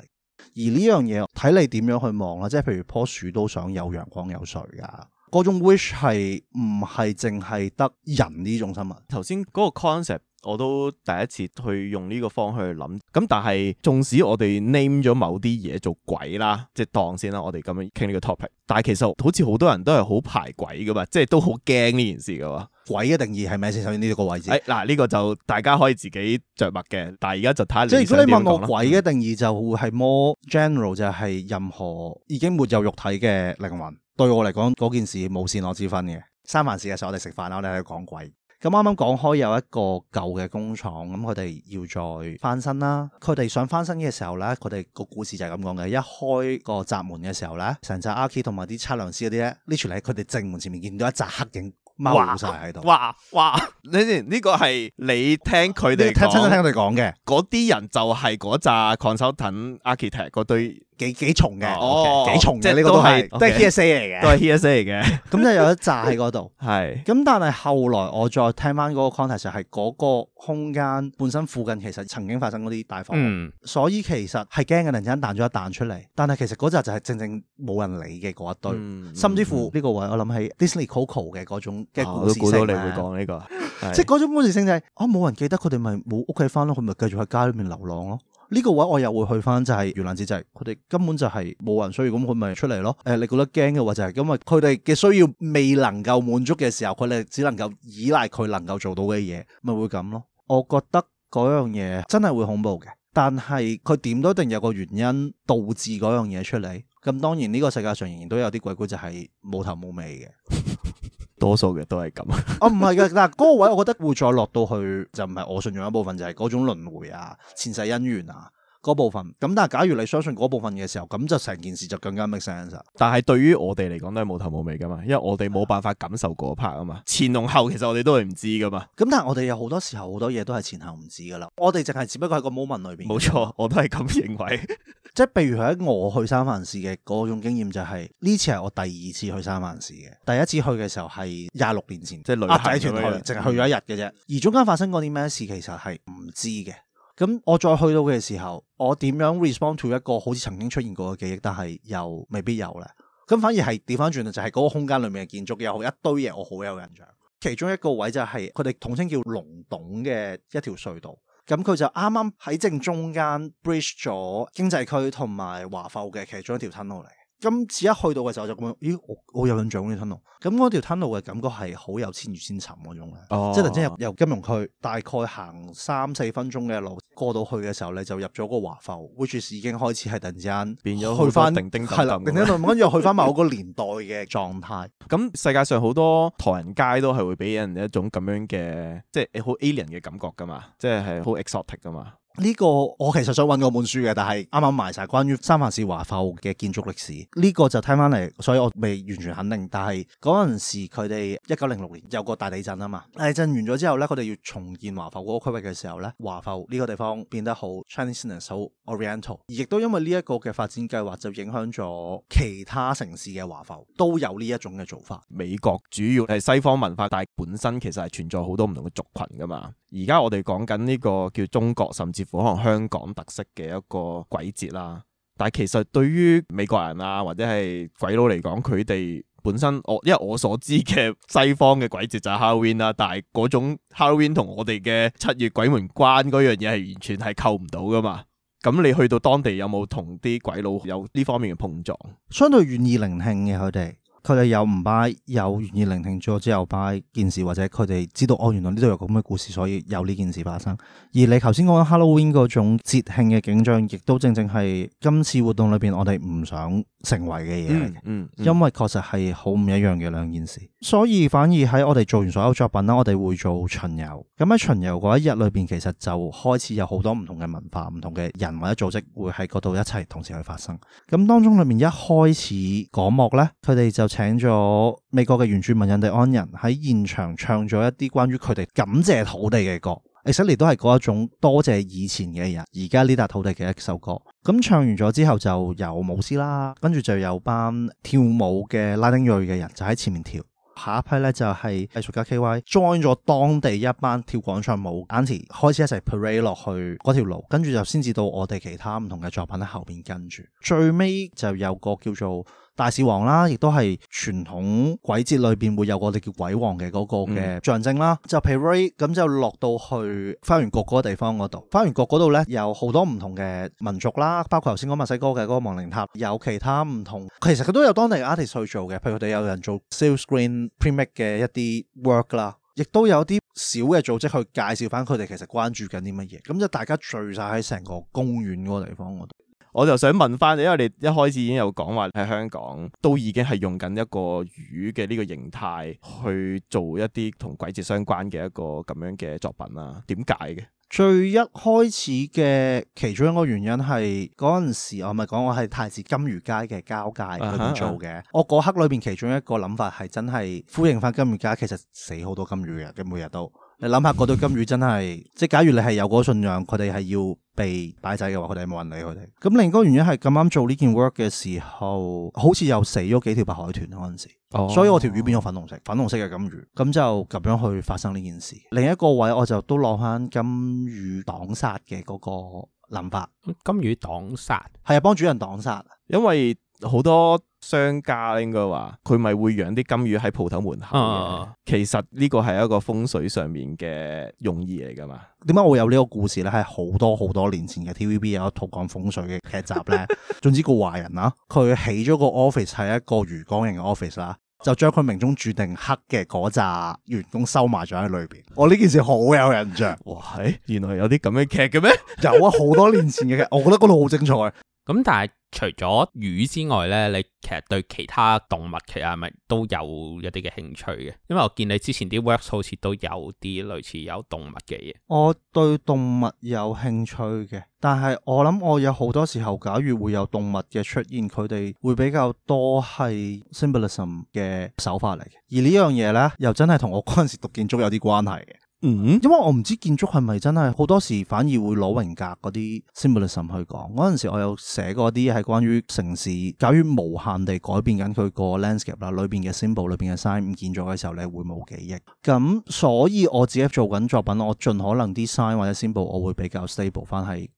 而呢樣嘢睇你點樣去望啦，即係譬如樖樹都想有陽光有水㗎。嗰種 wish 係唔係淨係得人呢種生物？頭先嗰個 concept 我都第一次去用呢個方向去諗。咁但係縱使我哋 name 咗某啲嘢做鬼啦，即係當先啦，我哋咁樣傾呢個 topic。但係其實好似好多人都係好排鬼噶嘛，即係都好驚呢件事噶喎。鬼嘅定義係咩先？首先呢個位置，哎，嗱，這，呢個就大家可以自己着墨嘅。但係而家就睇下。即係如果你問我鬼嘅定義，就係 more general 就係任何已經沒有肉體嘅靈魂。對我嚟講，嗰件事冇善惡之分嘅。三藩市嘅時候我哋食飯啦，我哋喺度講鬼。咁啱啱講開有一個舊嘅工廠，咁佢哋要再翻新啦。佢哋想翻新嘅時候咧，佢哋個故事就係咁講嘅。一開個閘門嘅時候咧，成紮阿 K 同埋啲測量師嗰啲咧，呢處嚟佢哋正門前面見到一紮黑影。麻糊哇哇！你知呢個係你聽佢哋，親親聽佢哋講嘅，嗰啲人就係嗰扎 consultant architect 嗰堆。幾幾重嘅，哦，幾重，嘅？呢個都係都係 H S A 嚟嘅，都係 H S A 嚟嘅。咁就有一扎喺嗰度，係。咁但係後來我再聽翻嗰個 context，係嗰個空間本身附近其實曾經發生嗰啲大火，所以其實係驚嘅，突然之間彈咗一彈出嚟。但係其實嗰扎就係正正冇人理嘅嗰一堆，甚至乎呢個位我諗起 Disney Coco 嘅嗰種嘅故事性，我都估到你會講呢個，即係嗰種故事性就係啊，冇人記得佢哋咪冇屋企翻咯，佢咪繼續喺街裏面流浪咯。呢個位我又會去返，就係盂蘭自濟，佢哋根本就係冇人需要，咁佢咪出嚟咯。誒、呃，你覺得驚嘅話，就係、是、因為佢哋嘅需要未能夠滿足嘅時候，佢哋只能夠依賴佢能夠做到嘅嘢，咪會咁咯。我覺得嗰樣嘢真係會恐怖嘅，但係佢點都一定有個原因導致嗰樣嘢出嚟。咁當然呢個世界上仍然都有啲鬼故就係冇頭冇尾嘅。 多數嘅都係咁啊！唔係嘅，嗱，嗰個位，我覺得會再落到去，就唔係我信仰一部分，就係、是、嗰種輪迴啊、前世因緣啊。嗰部分，咁但係假如你相信嗰部分嘅時候，咁就成件事就更加 make sense 但係對於我哋嚟講都係冇頭冇尾噶嘛，因為我哋冇辦法感受嗰 part 啊嘛，前同後其實我哋都係唔知噶嘛。咁但係我哋有好多時候好多嘢都係前後唔知噶啦，我哋淨係只不過喺個 moment 裏邊。冇錯，我都係咁認為。 即係譬如喺我去三藩市嘅嗰種經驗就係、是、呢次係我第二次去三藩市嘅，第一次去嘅時候係廿六年前，即係旅行團去，淨係去咗一日嘅啫。而中間發生過啲咩事，其實係唔知嘅。咁我再去到嘅時候，我點樣 respond to 一個好似曾經出現過嘅記憶，但係又未必有呢？咁反而係調翻轉就係嗰個空間裡面嘅建築有好一堆嘢，我好有印象。其中一個位就係佢哋統稱叫龍洞嘅一條隧道。咁佢就啱啱喺正中間 bridge 咗經濟區同埋華埠嘅其中一條 tunnel 嚟。今次一去到嘅時候就咁樣，咦我，我有印象呢吞、哦、路，咁嗰條吞路嘅感覺係好有千與千尋嗰種嘅。即係突然之間由金融區大概行三四分鐘嘅路過到去嘅時候咧，你就入咗個華埠，which is 已經開始係突然之間變咗去翻，定啦的，定呢度，跟住 又去翻某個年代嘅狀態。咁 世界上好多唐人街都係會俾人一種咁樣嘅，即係好 alien 嘅感覺噶嘛，即係係好 exotic 噶嘛。呢個我其實想揾嗰本書嘅，但係啱啱埋晒關於三藩市華埠嘅建築歷史。呢、呢個就聽翻嚟，所以我未完全肯定。但係嗰陣時佢哋一九零六年有個大地震啊嘛，大地震完咗之後呢，佢哋要重建華埠嗰個區域嘅時候呢，華埠呢個地方變得好 Chinese，ness 好 Oriental，而亦都因為呢一個嘅發展計劃就影響咗其他城市嘅華埠都有呢一種嘅做法。美國主要係西方文化，但係本身其實係存在好多唔同嘅族群噶嘛。而家我哋講緊呢個叫中國甚至乎可能香港特色嘅一個鬼節啦，但係其實對於美國人啊或者係鬼佬嚟講，佢哋本身我因為我所知嘅西方嘅鬼節就係 Halloween 啦，但係嗰種 Halloween 同我哋嘅七月鬼門關嗰樣嘢係完全係扣唔到㗎嘛。咁你去到當地有冇同啲鬼佬有呢方面嘅碰撞？相對願意靈慶嘅佢哋。佢哋有唔拜，有願意聆聽咗之後拜件事，或者佢哋知道哦，原來呢度有咁嘅故事，所以有呢件事發生。而你頭先講緊 Halloween 嗰種節慶嘅景象，亦都正正係今次活動裏邊我哋唔想成為嘅嘢嚟嘅。嗯。嗯。嗯。因為確實係好唔一樣嘅兩件事，所以反而喺我哋做完所有作品啦，我哋會做巡遊。咁喺巡遊嗰一日裏邊，其實就開始有好多唔同嘅文化、唔同嘅人或者組織會喺嗰度一齊同時去發生。咁當中裏面一開始嗰幕呢，佢哋就，請咗美國嘅原住民印第安人喺現場唱咗一啲關於佢哋感謝土地嘅歌，e 嚟嚟都係嗰一種多謝以前嘅人，而家呢笪土地嘅一首歌。咁、嗯、唱完咗之後，就由舞獅啦，跟住就有班跳舞嘅拉丁裔嘅人就喺前面跳。下一批呢，就係藝術家 K Y join 咗當地一班跳廣場舞，啱啱開始一齊 parade 落去嗰條路，跟住就先至到我哋其他唔同嘅作品喺後邊跟住。最尾就有個叫做。大士王啦，亦都係傳統鬼節裏邊會有我哋叫鬼王嘅嗰個嘅象徵啦。就譬如 RiK 咁，就落到去花園角嗰個地方嗰度。花園角嗰度呢，有好多唔同嘅民族啦，包括頭先講墨西哥嘅嗰個亡靈塔，有其他唔同。其實佢都有當地 artist 去做嘅，譬如佢哋有人做 screen printmaking 嘅一啲 work 啦，亦都有啲小嘅組織去介紹翻佢哋其實關注緊啲乜嘢。咁就大家聚晒喺成個公園嗰個地方嗰度。我就想問翻你，因為你一開始已經有講話喺香港都已經係用緊一個魚嘅呢個形態去做一啲同鬼節相關嘅一個咁樣嘅作品啦。點解嘅？最一開始嘅其中一個原因係嗰陣時，我咪講我係太子金魚街嘅交界去邊、啊、做嘅。啊、我嗰刻裏邊其中一個諗法係真係呼應翻金魚街，其實死好多金魚嘅，每日都。你諗下嗰對金魚真係，即係假如你係有嗰個信仰，佢哋係要被擺仔嘅話，佢哋冇人理佢哋。咁另一個原因係咁啱做呢件 work 嘅時候，好似又死咗幾條白海豚嗰陣時，哦、所以我條魚變咗粉紅色，粉紅色嘅金魚，咁就咁樣去發生呢件事。另一個位我就都攞翻金魚擋殺嘅嗰個諗法，金魚擋殺係啊，幫主人擋殺，因為。好多商家應該話佢咪會養啲金魚喺鋪頭門口，啊，其實呢個係一個風水上面嘅用意嚟㗎嘛。點解我有呢個故事呢？係好多好多年前嘅 TVB 有套講風水嘅劇集呢。 總之個華人啦，啊，佢起咗個 office 係一個魚缸型嘅 office 啦，啊，就將佢命中注定黑嘅嗰紮員工收埋咗喺裏邊。我呢件事好有印象，哇！原來有啲咁嘅劇嘅咩？ 有啊，好多年前嘅劇，我覺得嗰度好精彩。咁但係。除咗魚之外呢，你其實對其他動物其實係咪都有一啲嘅興趣嘅？因為我見你之前啲 works 好似都有啲類似有動物嘅嘢。我對動物有興趣嘅，但係我諗我有好多時候，假如會有動物嘅出現，佢哋會比較多係 symbolism 嘅手法嚟嘅。而呢樣嘢呢，又真係同我嗰陣時讀建築有啲關係嘅。嗯，因為我唔知建築係咪真係好多時反而會攞榮格嗰啲 symbolism 去講。嗰陣時我有寫過啲係關於城市，假如無限地改變緊佢個 landscape 啦，裏邊嘅 symbol 裏邊嘅 sign 唔見咗嘅時候，你會冇記憶。咁所以我自己做緊作品，我盡可能啲 sign 或者 symbol，我會比較 stable 翻，係一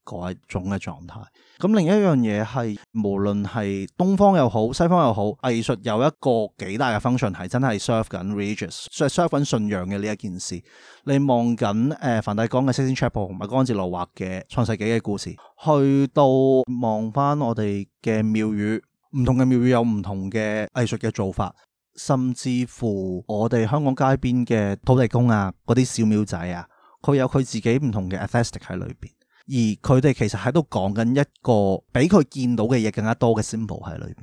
種嘅狀態。咁另一樣嘢係，無論係東方又好，西方又好，藝術有一個幾大嘅 function 係真係 serve 緊 religions，serve 緊信仰嘅呢一件事。你望緊誒梵蒂岡嘅 Sistine Chapel，同埋米高安哲羅畫嘅創世紀嘅故事，去到望翻我哋嘅廟宇，唔同嘅廟宇有唔同嘅藝術嘅做法，甚至乎我哋香港街邊嘅土地公啊，嗰啲小廟仔啊，佢有佢自己唔同嘅 aesthetic 喺裏邊。而佢哋其實喺度講緊一個比佢見到嘅嘢更加多嘅 symbol 喺裏面。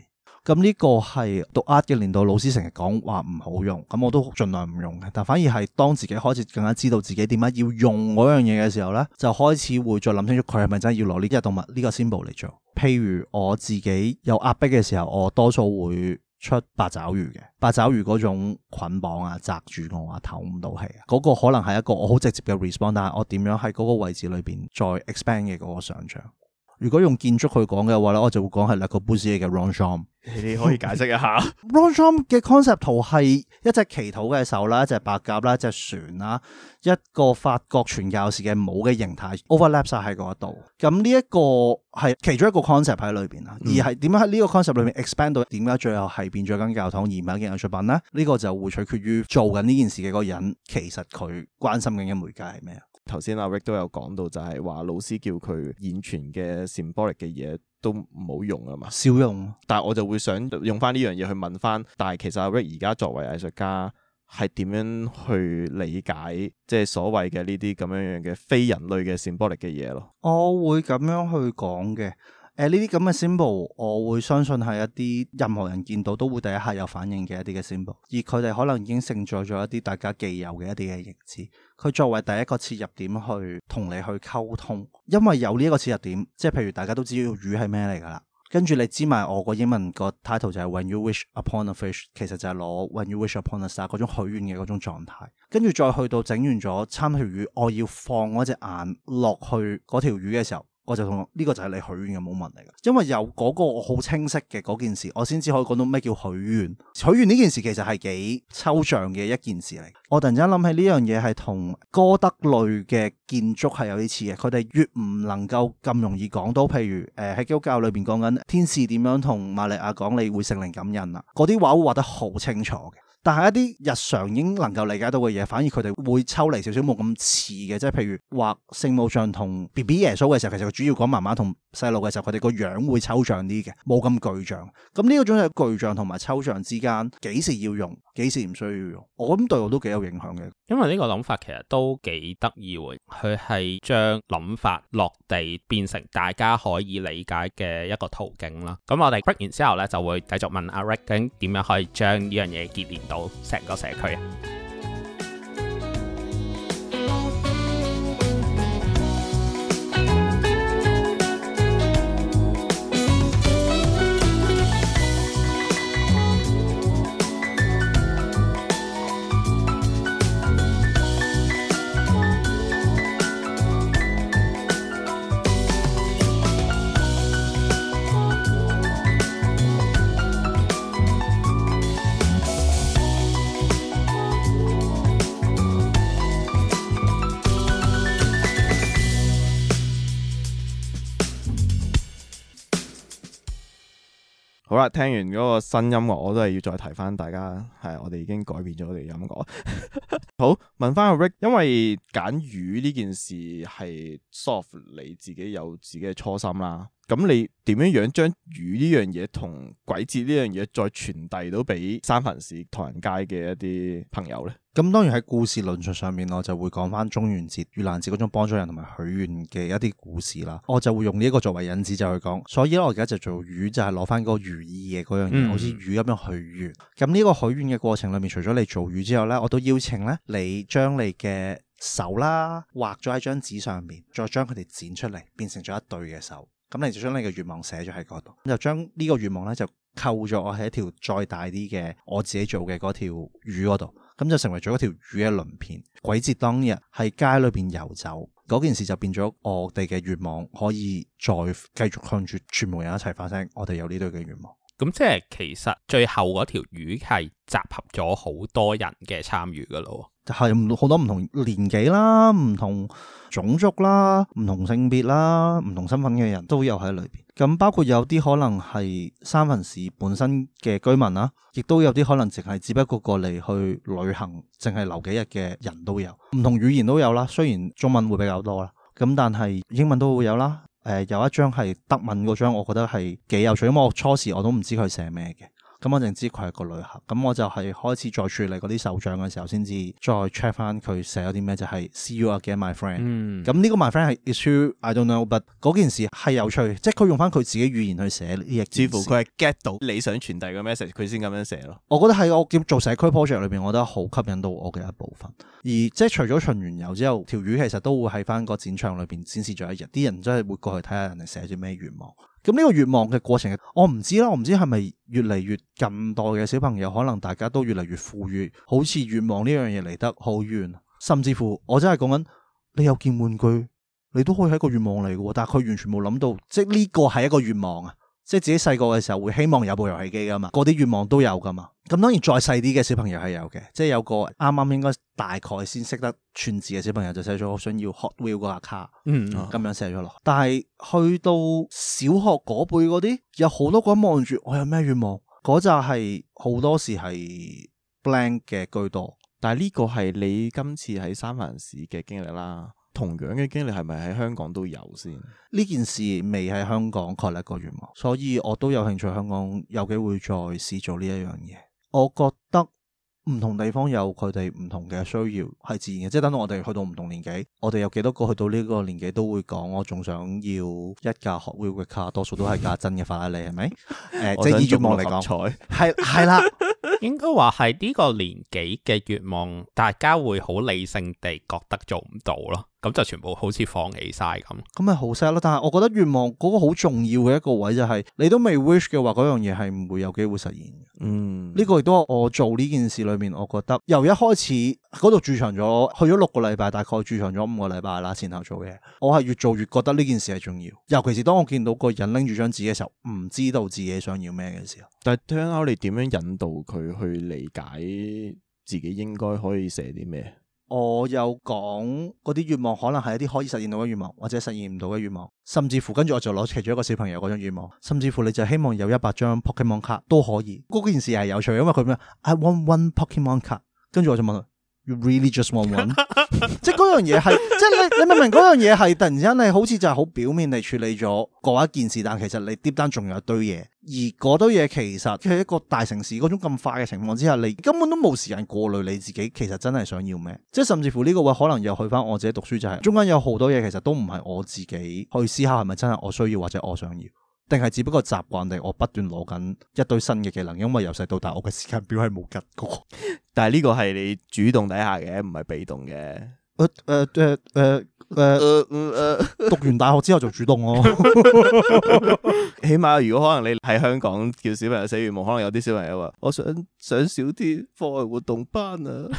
咁呢個係讀 art 嘅年度老師成日講話唔好用，咁我都盡量唔用嘅。但反而係當自己開始更加知道自己點解要用嗰樣嘢嘅時候呢，就開始會再諗清楚佢係咪真係要攞呢啲動物呢個 symbol 嚟做。譬如我自己有壓迫嘅時候，我多數會。出八爪魚嘅，八爪魚嗰種捆綁啊，紮住我啊，透唔到氣啊，嗰、那個可能係一個我好直接嘅 response 但係我點樣喺嗰個位置裏邊再 expand 嘅嗰個想像。如果用建築去講嘅話咧，我就會講係 Le Corbusier 嘅 Ronchamp。你可以解釋一下 Ronchamp 嘅 concept 圖係一隻祈禱嘅手啦，一隻白鴿啦，一隻船啦，一個法國傳教士嘅帽嘅形態 overlap 晒喺嗰度。咁呢一個係其中一個 concept 喺裏邊啦，嗯、而係點解喺呢個 concept 裏面 expand 到點解最後係變咗間教堂而唔係一件藝術品咧？呢、呢個就會取決於做緊呢件事嘅嗰個人，其實佢關心緊嘅媒介係咩啊？頭先阿 RiK 都有講到，就係話老師叫佢現存嘅 symbolic 嘅嘢都唔好用啊嘛，少用容。但係我就會想用翻呢樣嘢去問翻，但係其實阿 RiK 而家作為藝術家係點樣去理解即係所謂嘅呢啲咁樣樣嘅非人類嘅 symbolic 嘅嘢咯？我會咁樣去講嘅。誒呢啲咁嘅 symbol，我會相信係一啲任何人見到都會第一刻有反應嘅一啲嘅 symbol，而佢哋可能已經承載咗一啲大家既有嘅一啲嘅認知。佢作為第一個切入點去同你去溝通，因為有呢一個切入點，即係譬如大家都知道魚係咩嚟㗎啦，跟住你知埋我個英文個 title 就係 When you wish upon a fish，其實就係攞 When you wish upon a star 嗰種許願嘅嗰種狀態，跟住再去到整完咗參條魚，我要放嗰隻眼落去嗰條魚嘅時候。我就同，呢個就係你許願嘅，冇問題嘅，因為有嗰個好清晰嘅嗰件事，我先至可以講到咩叫許願。許願呢件事其實係幾抽象嘅一件事嚟。我突然之間諗起呢樣嘢係同哥德類嘅建築係有啲似嘅，佢哋越唔能夠咁容易講到，譬如誒喺基督教裏邊講緊天使點樣同瑪利亞講你會聖靈感孕啦，嗰啲畫會畫得好清楚嘅。但係一啲日常已經能夠理解到嘅嘢，反而佢哋會抽離少少，冇咁似嘅，即係譬如畫聖母像同 B B 耶穌嘅時候，其實佢主要講媽媽同細路嘅時候，佢哋個樣會抽象啲嘅，冇咁具象。咁呢個種嘅具象同埋抽象之間，幾時要用，幾時唔需要用？我諗對我都幾有影響嘅。因為呢個諗法其實都幾得意，佢係將諗法落地變成大家可以理解嘅一個途徑啦。咁我哋 break 完之後呢，就會繼續問阿 RiK 點樣可以將呢樣嘢結連。到成個社區啊！ 好啦，聽完嗰個新音樂，我都係要再提翻大家，係我哋已經改變咗我哋音樂。 好，問翻阿 RiK，因為揀語呢件事係 soft，你自己有自己嘅初心啦。咁你點樣樣將魚呢樣嘢同鬼節呢樣嘢再傳遞到俾三藩市唐人街嘅一啲朋友呢？咁當然喺故事論述上面，我就會講翻中元節、盂蘭節嗰種幫助人同埋許願嘅一啲故事啦。我就會用呢一個作為引子就去講。所以咧，我而家就做魚，就係攞翻個寓意嘅嗰樣嘢，好似魚咁樣許願。咁呢個許願嘅過程裏面，除咗你做魚之後呢，我都邀請呢，你將你嘅手啦畫咗喺張紙上面，再將佢哋剪出嚟，變成咗一對嘅手。咁你就將你嘅願望寫咗喺嗰度，咁就將呢個願望咧，就扣咗我喺一條再大啲嘅我自己做嘅嗰條魚嗰度，咁就成為咗嗰條魚嘅鱗片。鬼節當日喺街裏邊遊走嗰件事，就變咗我哋嘅願望可以再繼續向住全部人一齊發聲，我哋有呢堆嘅願望。咁即係其實最後嗰條魚係集合咗好多人嘅參與噶啦。就係好多唔同年紀啦、唔同種族啦、唔同性別啦、唔同身份嘅人都有喺裏邊。咁包括有啲可能係三藩市本身嘅居民啦，亦都有啲可能淨係只不過過嚟去旅行，淨係留幾日嘅人都有。唔同語言都有啦，雖然中文會比較多啦，咁但係英文都會有啦。誒、呃、有一張係德文嗰張，我覺得係幾有趣，因為我初時我都唔知佢寫咩嘅。咁我淨知佢係個旅客，咁我就係開始再處理嗰啲手掌嘅時候，先至再 check 翻佢寫咗啲咩，就係、是、See you again, my friend。咁呢、嗯、個 my friend 係 is issue I don't know but 嗰件事係有趣，即係佢用翻佢自己語言去寫，亦似乎佢係 get 到你想傳遞嘅 message，佢先咁樣寫咯。我覺得係我叫做社區 project 裏邊，我覺得好吸引到我嘅一部分。而即係除咗巡完遊之後，條魚其實都會喺翻個展場裏邊展示咗一日，啲人真係會過去睇下人哋寫咗咩願望。咁呢個願望嘅過程，我唔知啦，我唔知係咪越嚟越近代嘅小朋友，可能大家都越嚟越富裕，好似願望呢樣嘢嚟得好遠，甚至乎我真係講緊你有件玩具，你都可以係一個願望嚟嘅，但係佢完全冇諗到，即係呢個係一個願望啊。即係自己細個嘅時候會希望有部遊戲機噶嘛，嗰啲願望都有噶嘛。咁當然再細啲嘅小朋友係有嘅，即係有個啱啱應該大概先識得串字嘅小朋友就寫咗我想要 Hot Wheel 嗰個卡，嗯，咁樣寫咗落。啊、但係去到小學嗰輩嗰啲，有好多個人望住我有咩願望，嗰就係好多時係 blank 嘅居多。但係呢個係你今次喺三藩市嘅經歷啦。同樣嘅經歷係咪喺香港都有先？呢件事未喺香港確立一個願望，所以我都有興趣香港有機會再試做呢一樣嘢。我覺得唔同地方有佢哋唔同嘅需要係自然嘅，即係等到我哋去到唔同年紀，我哋有幾多個去到呢個年紀都會講我仲想要一架學會嘅卡，多數都係一架真嘅法拉利，係咪？ 誒，即係以願望嚟講，係係啦，應該話係呢個年紀嘅願望，大家會好理性地覺得做唔到咯。咁就全部好似放棄晒咁。咁咪好 sad 咯！但係我覺得願望嗰個好重要嘅一個位就係，你都未 wish 嘅話，嗰樣嘢係唔會有機會實現嘅。嗯，呢個亦都係我做呢件事裏面，我覺得由一開始嗰度駐場咗，去咗六個禮拜，大概駐場咗五個禮拜啦，前後做嘢，我係越做越覺得呢件事係重要。尤其是當我見到個人拎住張紙嘅時候，唔知道自己想要咩嘅時候。但係聽下你點樣引導佢去理解自己應該可以寫啲咩。我有講嗰啲願望，可能係一啲可以實現到嘅願望，或者實現唔到嘅願望，甚至乎跟住我就攞咗其中一個小朋友嗰種願望，甚至乎你就希望有一百張 Pokemon 卡都可以。嗰件事係有趣，因為佢咩？I want one Pokemon 卡。跟住我就問佢：You really just want one？即係嗰樣嘢係，即係你你明唔明嗰樣嘢係突然之間你好似就係好表面嚟處理咗嗰一件事，但其實你點單仲有一堆嘢。而嗰堆嘢其實係一個大城市嗰種咁快嘅情況之下，你根本都冇時間過濾你自己，其實真係想要咩？即係甚至乎呢個位可能又去翻我自己讀書就係，中間有好多嘢其實都唔係我自己去思考係咪真係我需要或者我想要，定係只不過習慣地我不斷攞緊一堆新嘅技能，因為由細到大我嘅時間表係冇吉過。 但係呢個係你主動底下嘅，唔係被動嘅。誒誒誒誒誒誒，讀完大學之後就主動咯。起碼如果可能，你喺香港叫小朋友寫願望，可能有啲小朋友話：我想想少啲課外活動班啊。呃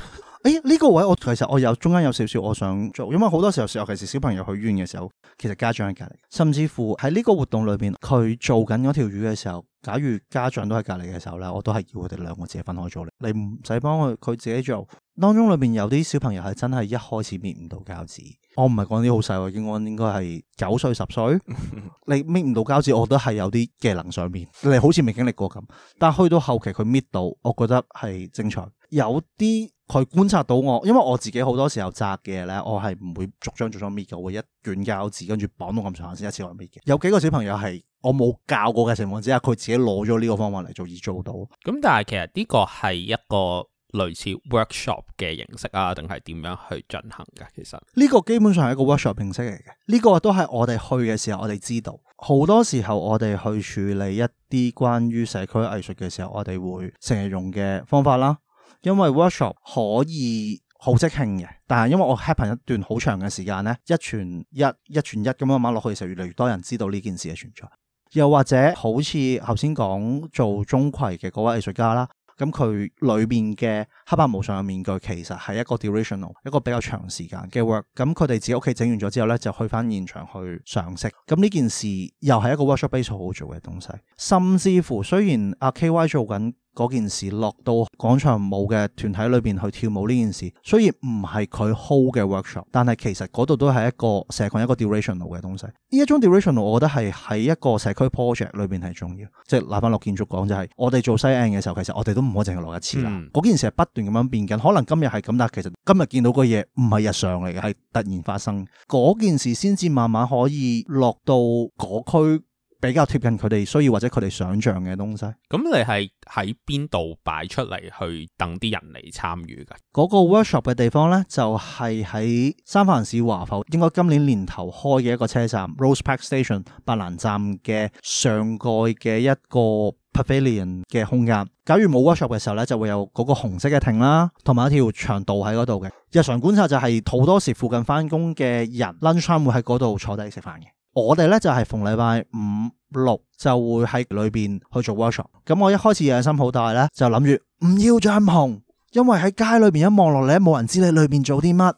呃、誒，呢個位我其實我有中間有少少我想做，因為好多時候，尤其是小朋友去醫院嘅時候，其實家長喺隔籬，甚至乎喺呢個活動裏邊，佢做緊嗰條魚嘅時候，假如家長都喺隔籬嘅時候咧，我都係要佢哋兩個自己分開做咧，你唔使幫佢，佢自己做。當中裏面有啲小朋友係真係一開始搣唔到膠紙，我唔係講啲好細個，應該應該係九歲十歲， 你搣唔到膠紙，我覺得係有啲技能上面。你好似未經歷過咁，但去到後期佢搣到，我覺得係正常。有啲佢觀察到我，因為我自己好多時候摘嘅嘢咧，我係唔會逐張逐張搣嘅，我會一卷膠紙跟住綁到咁長先一次攞搣嘅。有幾個小朋友係我冇教過嘅情況之下，佢自己攞咗呢個方法嚟做而做到。咁但係其實呢個係一個。類似 workshop 嘅形式啊，定係點樣去進行嘅？其實呢個基本上係一個 workshop 形式嚟嘅。呢個都係我哋去嘅時候，我哋知道好多時候我哋去處理一啲關於社區藝術嘅時候，我哋會成日用嘅方法啦。因為 workshop 可以好即興嘅，但係因為我 happen 一段好長嘅時間呢，一傳一、一傳一咁樣，慢落去嘅時候，越嚟越多人知道呢件事嘅存在。又或者好似頭先講做鍾馗嘅嗰位藝術家啦。咁佢裏邊嘅黑白無常嘅面具其實係一個 durational，一個比較長時間嘅 work、嗯。咁佢哋自己屋企整完咗之後咧，就去翻現場去嘗試。咁、嗯、呢件事又係一個 workshop base 好好做嘅東西，甚至乎雖然阿 KY 做緊。嗰件事落到廣場舞嘅團體裏邊去跳舞呢件事，雖然唔係佢 hold 嘅 workshop，但係其實嗰度都係一個社群一個 durational 嘅東西。呢一種 durational，我覺得係喺一個社區 project 裏邊係重要。即係拿翻落建築講，就係我哋做西岸嘅時候，其實我哋都唔可以凈係落一次啦。嗰件事係不斷咁樣變緊，可能今日係咁，但係其實今日見到個嘢唔係日常嚟嘅，係突然發生。嗰件事先至慢慢可以落到嗰區。比較貼近佢哋需要或者佢哋想像嘅東西。咁你係喺邊度擺出嚟去等啲人嚟參與嘅？嗰個 workshop 嘅地方呢，就係喺三藩市華埠，應該今年年頭開嘅一個車站 Rose Park Station 白蘭站嘅上蓋嘅一個 pavilion 嘅空間。假如冇 workshop 嘅時候呢，就會有嗰個紅色嘅亭啦，同埋一條長道喺嗰度嘅。日常觀察就係好多時附近返工嘅人 lunchtime 會喺嗰度坐低食飯嘅。我哋呢就係逢禮拜五六就會喺裏邊去做 workshop。咁我一開始野心好大呢，就諗住唔要帳篷，因為喺街裏邊一望落嚟，冇人知你裏面做啲乜。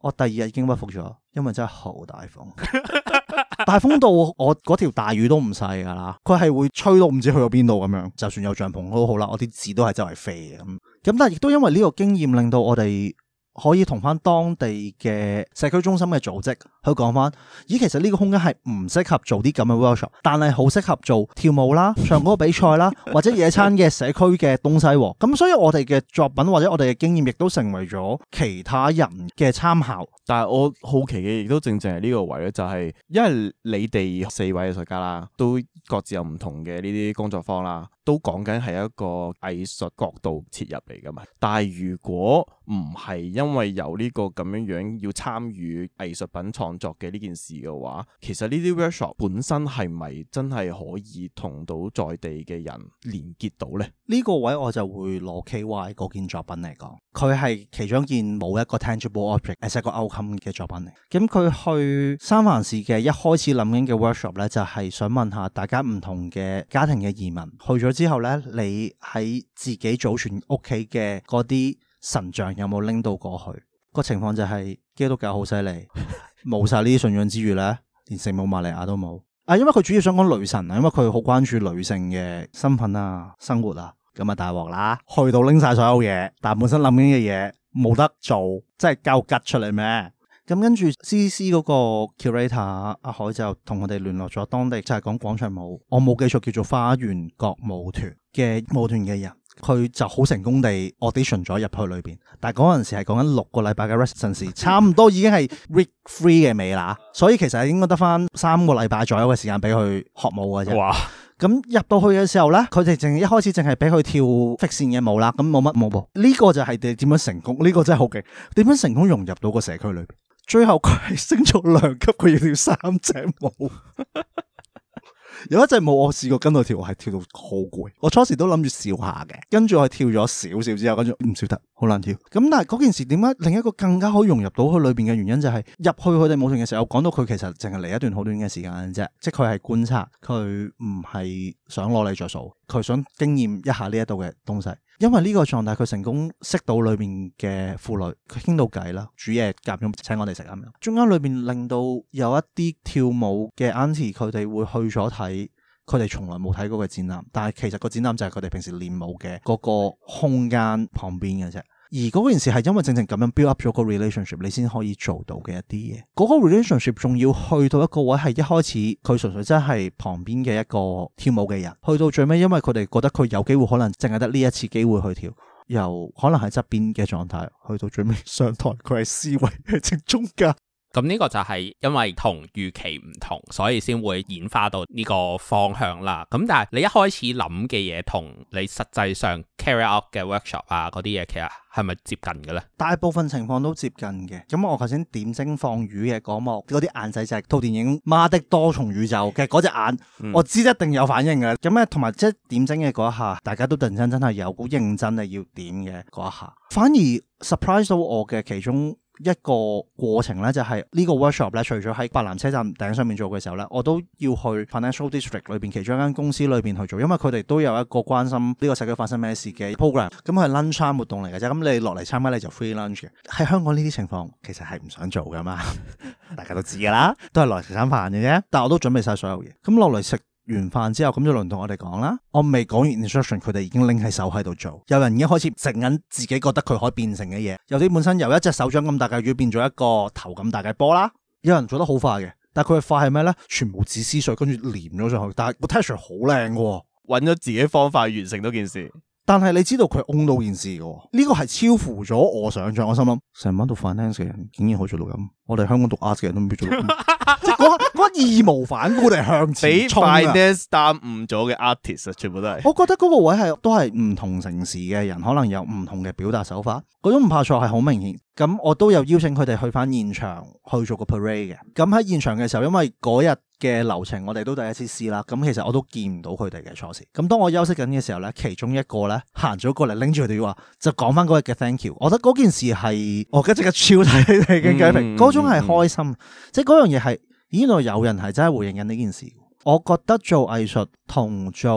我第二日已經屈服咗，因為真係好大風，大風到我嗰條大魚，都唔細噶啦，佢係會吹到唔知去到邊度咁樣。就算有帳篷好都好啦，我啲紙都係周圍飛嘅咁。咁但係亦都因為呢個經驗令到我哋。可以同翻當地嘅社區中心嘅組織去講翻，咦，其實呢個空間係唔適合做啲咁嘅 workshop，但係好適合做跳舞啦、唱歌比賽啦 或者野餐嘅社區嘅東西。咁所以我哋嘅作品或者我哋嘅經驗亦都成為咗其他人嘅參考。但係我好奇嘅亦都正正係呢個位咧，就係，就係因為你哋四位藝術家啦，都各自有唔同嘅呢啲工作坊啦，都講緊係一個藝術角度切入嚟噶嘛。但係如果唔係因因為有呢個咁樣樣要參與藝術品創作嘅呢件事嘅話，其實呢啲 workshop 本身係咪真係可以同到在地嘅人連結到呢？呢個位我就會攞 KY 嗰件作品嚟講，佢係其中一件冇一個 tangible object，係一個 outcome 嘅作品嚟。咁佢去三藩市嘅一開始諗緊嘅 workshop 呢，就係、是、想問下大家唔同嘅家庭嘅移民。去咗之後呢，你喺自己祖傳屋企嘅嗰啲。神像有冇拎到過去？個情況就係基督教好犀利，冇晒呢啲信仰之餘咧，連聖母瑪利亞都冇。啊，因為佢主要想講女神啊，因為佢好關注女性嘅身份啊、生活啊，咁啊大鑊啦，去到拎晒所有嘢，但本身諗緊嘅嘢冇得做，即係夠吉出嚟咩？咁跟住 C C C 嗰個 curator 阿海就同我哋聯絡咗當地，就係講廣場舞。我冇記錯，叫做花園國舞團嘅舞團嘅人。佢就好成功地 audition 咗入去裏邊，但係嗰陣時係講緊六個禮拜嘅 residence 差唔多已經係 week three 嘅尾啦，所以其實係應該得翻三個禮拜左右嘅時間俾佢學舞嘅啫。哇！咁入到去嘅時候咧，佢哋淨一開始淨係俾佢跳 fix 線嘅舞啦，咁冇乜冇噃。呢個就係點樣成功？呢個真係好勁！點樣成功融入到個社區裏邊？最後佢係升咗兩級，佢要跳三隻舞。 有一隻舞我試過跟佢跳，我係跳到好攰。我初時都諗住笑下嘅，跟住我係跳咗少少之後，跟住唔識得，好難跳。咁但係嗰件事點解？另一個更加可以融入到佢裏邊嘅原因就係、是、入去佢哋舞團嘅時候，我講到佢其實淨係嚟一段好短嘅時間啫，即係佢係觀察，佢唔係想攞嚟着數，佢想經驗一下呢一度嘅東西。因為呢個狀態，佢成功識到裡面嘅婦女，佢傾到偈啦，煮嘢夾咗，請我哋食咁樣。中間裡面令到有一啲跳舞嘅 Auntie，佢哋會去咗睇，佢哋從來冇睇過嘅展覽。但係其實個展覽就係佢哋平時練舞嘅嗰個空間旁邊嘅啫。而嗰件事係因為正正咁樣 build up 咗個 relationship，你先可以做到嘅一啲嘢。嗰、那個 relationship 仲要去到一個位係一開始佢純粹真係旁邊嘅一個跳舞嘅人，去到最尾，因為佢哋覺得佢有機會可能淨係得呢一次機會去跳，由可能喺側邊嘅狀態去到最尾上台，佢係 C 位係正中間。咁呢個就係因為同預期唔同，所以先會演化到呢個方向啦。咁但係你一開始諗嘅嘢同你實際上 carry out 嘅 workshop 啊嗰啲嘢，其實係咪接近嘅咧？大部分情況都接近嘅。咁我頭先點睛放魚嘅嗰幕，嗰啲眼仔隻套電影《媽的多重宇宙》嘅嗰隻眼我知一定有反應嘅。咁咧同埋即係點睛嘅嗰一下，大家都突然間真係有好認真係要點嘅嗰一下。反而 surprise 到我嘅其中一個過程咧，就係呢個 workshop 咧，除咗喺白蘭車站頂上面做嘅時候咧，我都要去 financial district 裏邊其中一間公司裏邊去做，因為佢哋都有一個關心呢個世界發生咩事嘅 program。咁係 lunchtime 活動嚟嘅啫，咁你落嚟參加你就 free lunch。喺香港呢啲情況其實係唔想做㗎嘛， 大家都知㗎啦，都係來食餐飯嘅啫。但我都準備晒所有嘢，咁落嚟食完飯之後，咁就輪到我哋講啦。我未講完 instruction，佢哋已經拎喺手喺度做。有人而家開始食緊自己覺得佢可以變成嘅嘢。有啲本身由一隻手掌咁大嘅魚變咗一個頭咁大嘅波啦。有人做得好快嘅，但係佢嘅快係咩咧？全部紙撕碎跟住黏咗上去，但係個 tension 好靚嘅喎，揾咗自己方法完成到件事。但係你知道佢崩到件事嘅喎，呢個係超乎咗我想象。我心諗成晚到 finance 嘅人，竟然好似錄音。我哋香港讀 art 嘅人都唔叫做，嗯、 即係嗰下我義無反顧嚟向前誤咗嘅 artist 啊，全部都係。我覺得嗰個位係都係唔同城市嘅人，可能有唔同嘅表達手法。嗰種唔怕錯係好明顯。咁我都有邀請佢哋去翻現場去做個 parade 嘅。咁喺現場嘅時候，因為嗰日嘅流程我哋都第一次試啦。咁其實我都見唔到佢哋嘅錯事。咁當我休息緊嘅時候咧，其中一個咧行咗過嚟拎住佢哋話，就講翻嗰日嘅 thank you。我覺得嗰件事係我真係超睇你嘅中係開心，即係嗰樣嘢係，原來有人係真係回應緊呢件事。我覺得做藝術同做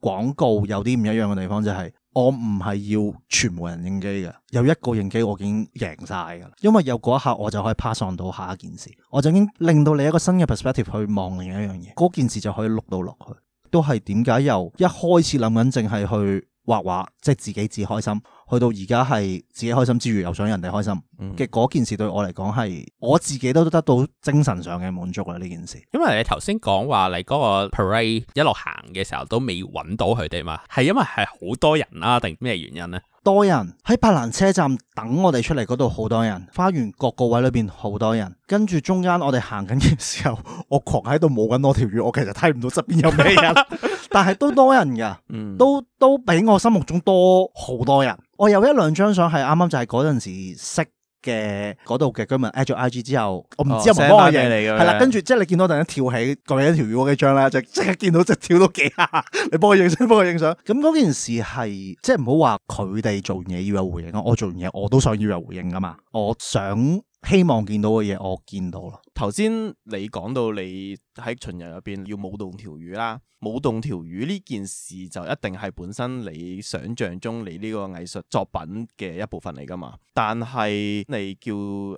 廣告有啲唔一樣嘅地方，就係我唔係要全部人應機嘅，有一個應機我已經贏晒噶啦。因為有嗰一刻，我就可以 pass on 到下一件事，我就已經令到你一個新嘅 perspective 去望另一樣嘢，嗰件事就可以錄到落去。都係點解由一開始諗緊淨係去畫畫，即係自己至開心。去到而家係自己開心之餘，又想人哋開心嘅嗰件事，對我嚟講係我自己都得到精神上嘅滿足啦、嗯！呢件事，因為你頭先講話你嗰個 parade 一路行嘅時候都未揾到佢哋嘛，係因為係好多人啦、啊，定咩原因呢？多人喺白蘭車站等我哋出嚟嗰度好多人，花園各個位裏邊好多人，跟住中間我哋行緊嘅時候，我狂喺度摸緊我條魚，我其實睇唔到側邊有咩人， 但係都多人㗎，都都比我心目中多好多人，我有一兩張相係啱啱就係嗰陣時識。嘅嗰度嘅居民 at 咗 I G 之後，我唔知，哦、有冇幫我嚟嘅？係啦，跟住即係你見到突然間跳起，掛咗一條魚嗰幾張咧，就即刻見到就跳到幾下， 你幫我影相，幫我影相。咁嗰件事係即係唔好話佢哋做完嘢要有回應啊，我做完嘢我都想要有回應噶嘛，我想。希望見到嘅嘢，我見到啦。頭先你講到你喺巡遊入邊要舞動條魚啦，舞動條魚呢件事就一定係本身你想象中你呢個藝術作品嘅一部分嚟噶嘛？但係你叫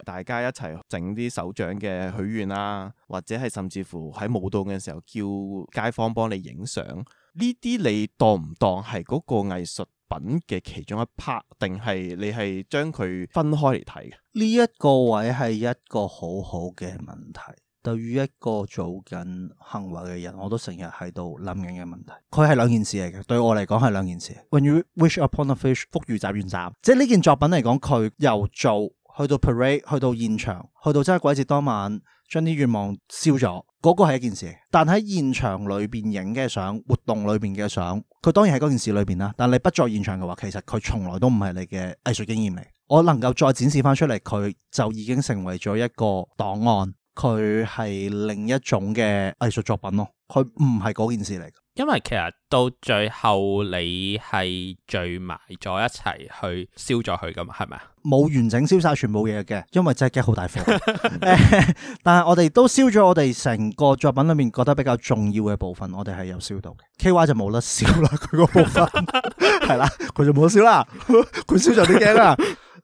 大家一齊整啲手掌嘅許願啦，或者係甚至乎喺舞動嘅時候叫街坊幫你影相，呢啲你當唔當係嗰個藝術？品嘅其中一 part 定係你係將佢分開嚟睇嘅？呢一個位係一個好好嘅問題。對於一個做緊行為嘅人，我都成日喺度諗緊嘅問題。佢係兩件事嚟嘅，對我嚟講係兩件事。When you wish upon a fish，福魚祈願站，即係呢件作品嚟講，佢由做去到 parade，去到現場，去到真係鬼節當晚，將啲願望燒咗，嗰個係一件事。但喺現場裏邊影嘅相，活動裏邊嘅相。佢當然喺嗰件事裏邊啦，但你不在現場嘅話，其實佢從來都唔係你嘅藝術經驗嚟。我能夠再展示翻出嚟，佢就已經成為咗一個檔案，佢係另一種嘅藝術作品咯。佢唔係嗰件事嚟。因為其實到最後你係聚埋咗一齊去燒咗佢嘛，係咪啊？冇完整燒晒全部嘢嘅，因為真係 g 好大火。 但係我哋都燒咗我哋成個作品裏面覺得比較重要嘅部分，我哋係有燒到嘅。K Y 就冇得燒啦，佢個部分係啦，佢 就冇得燒啦，佢燒咗啲驚啦。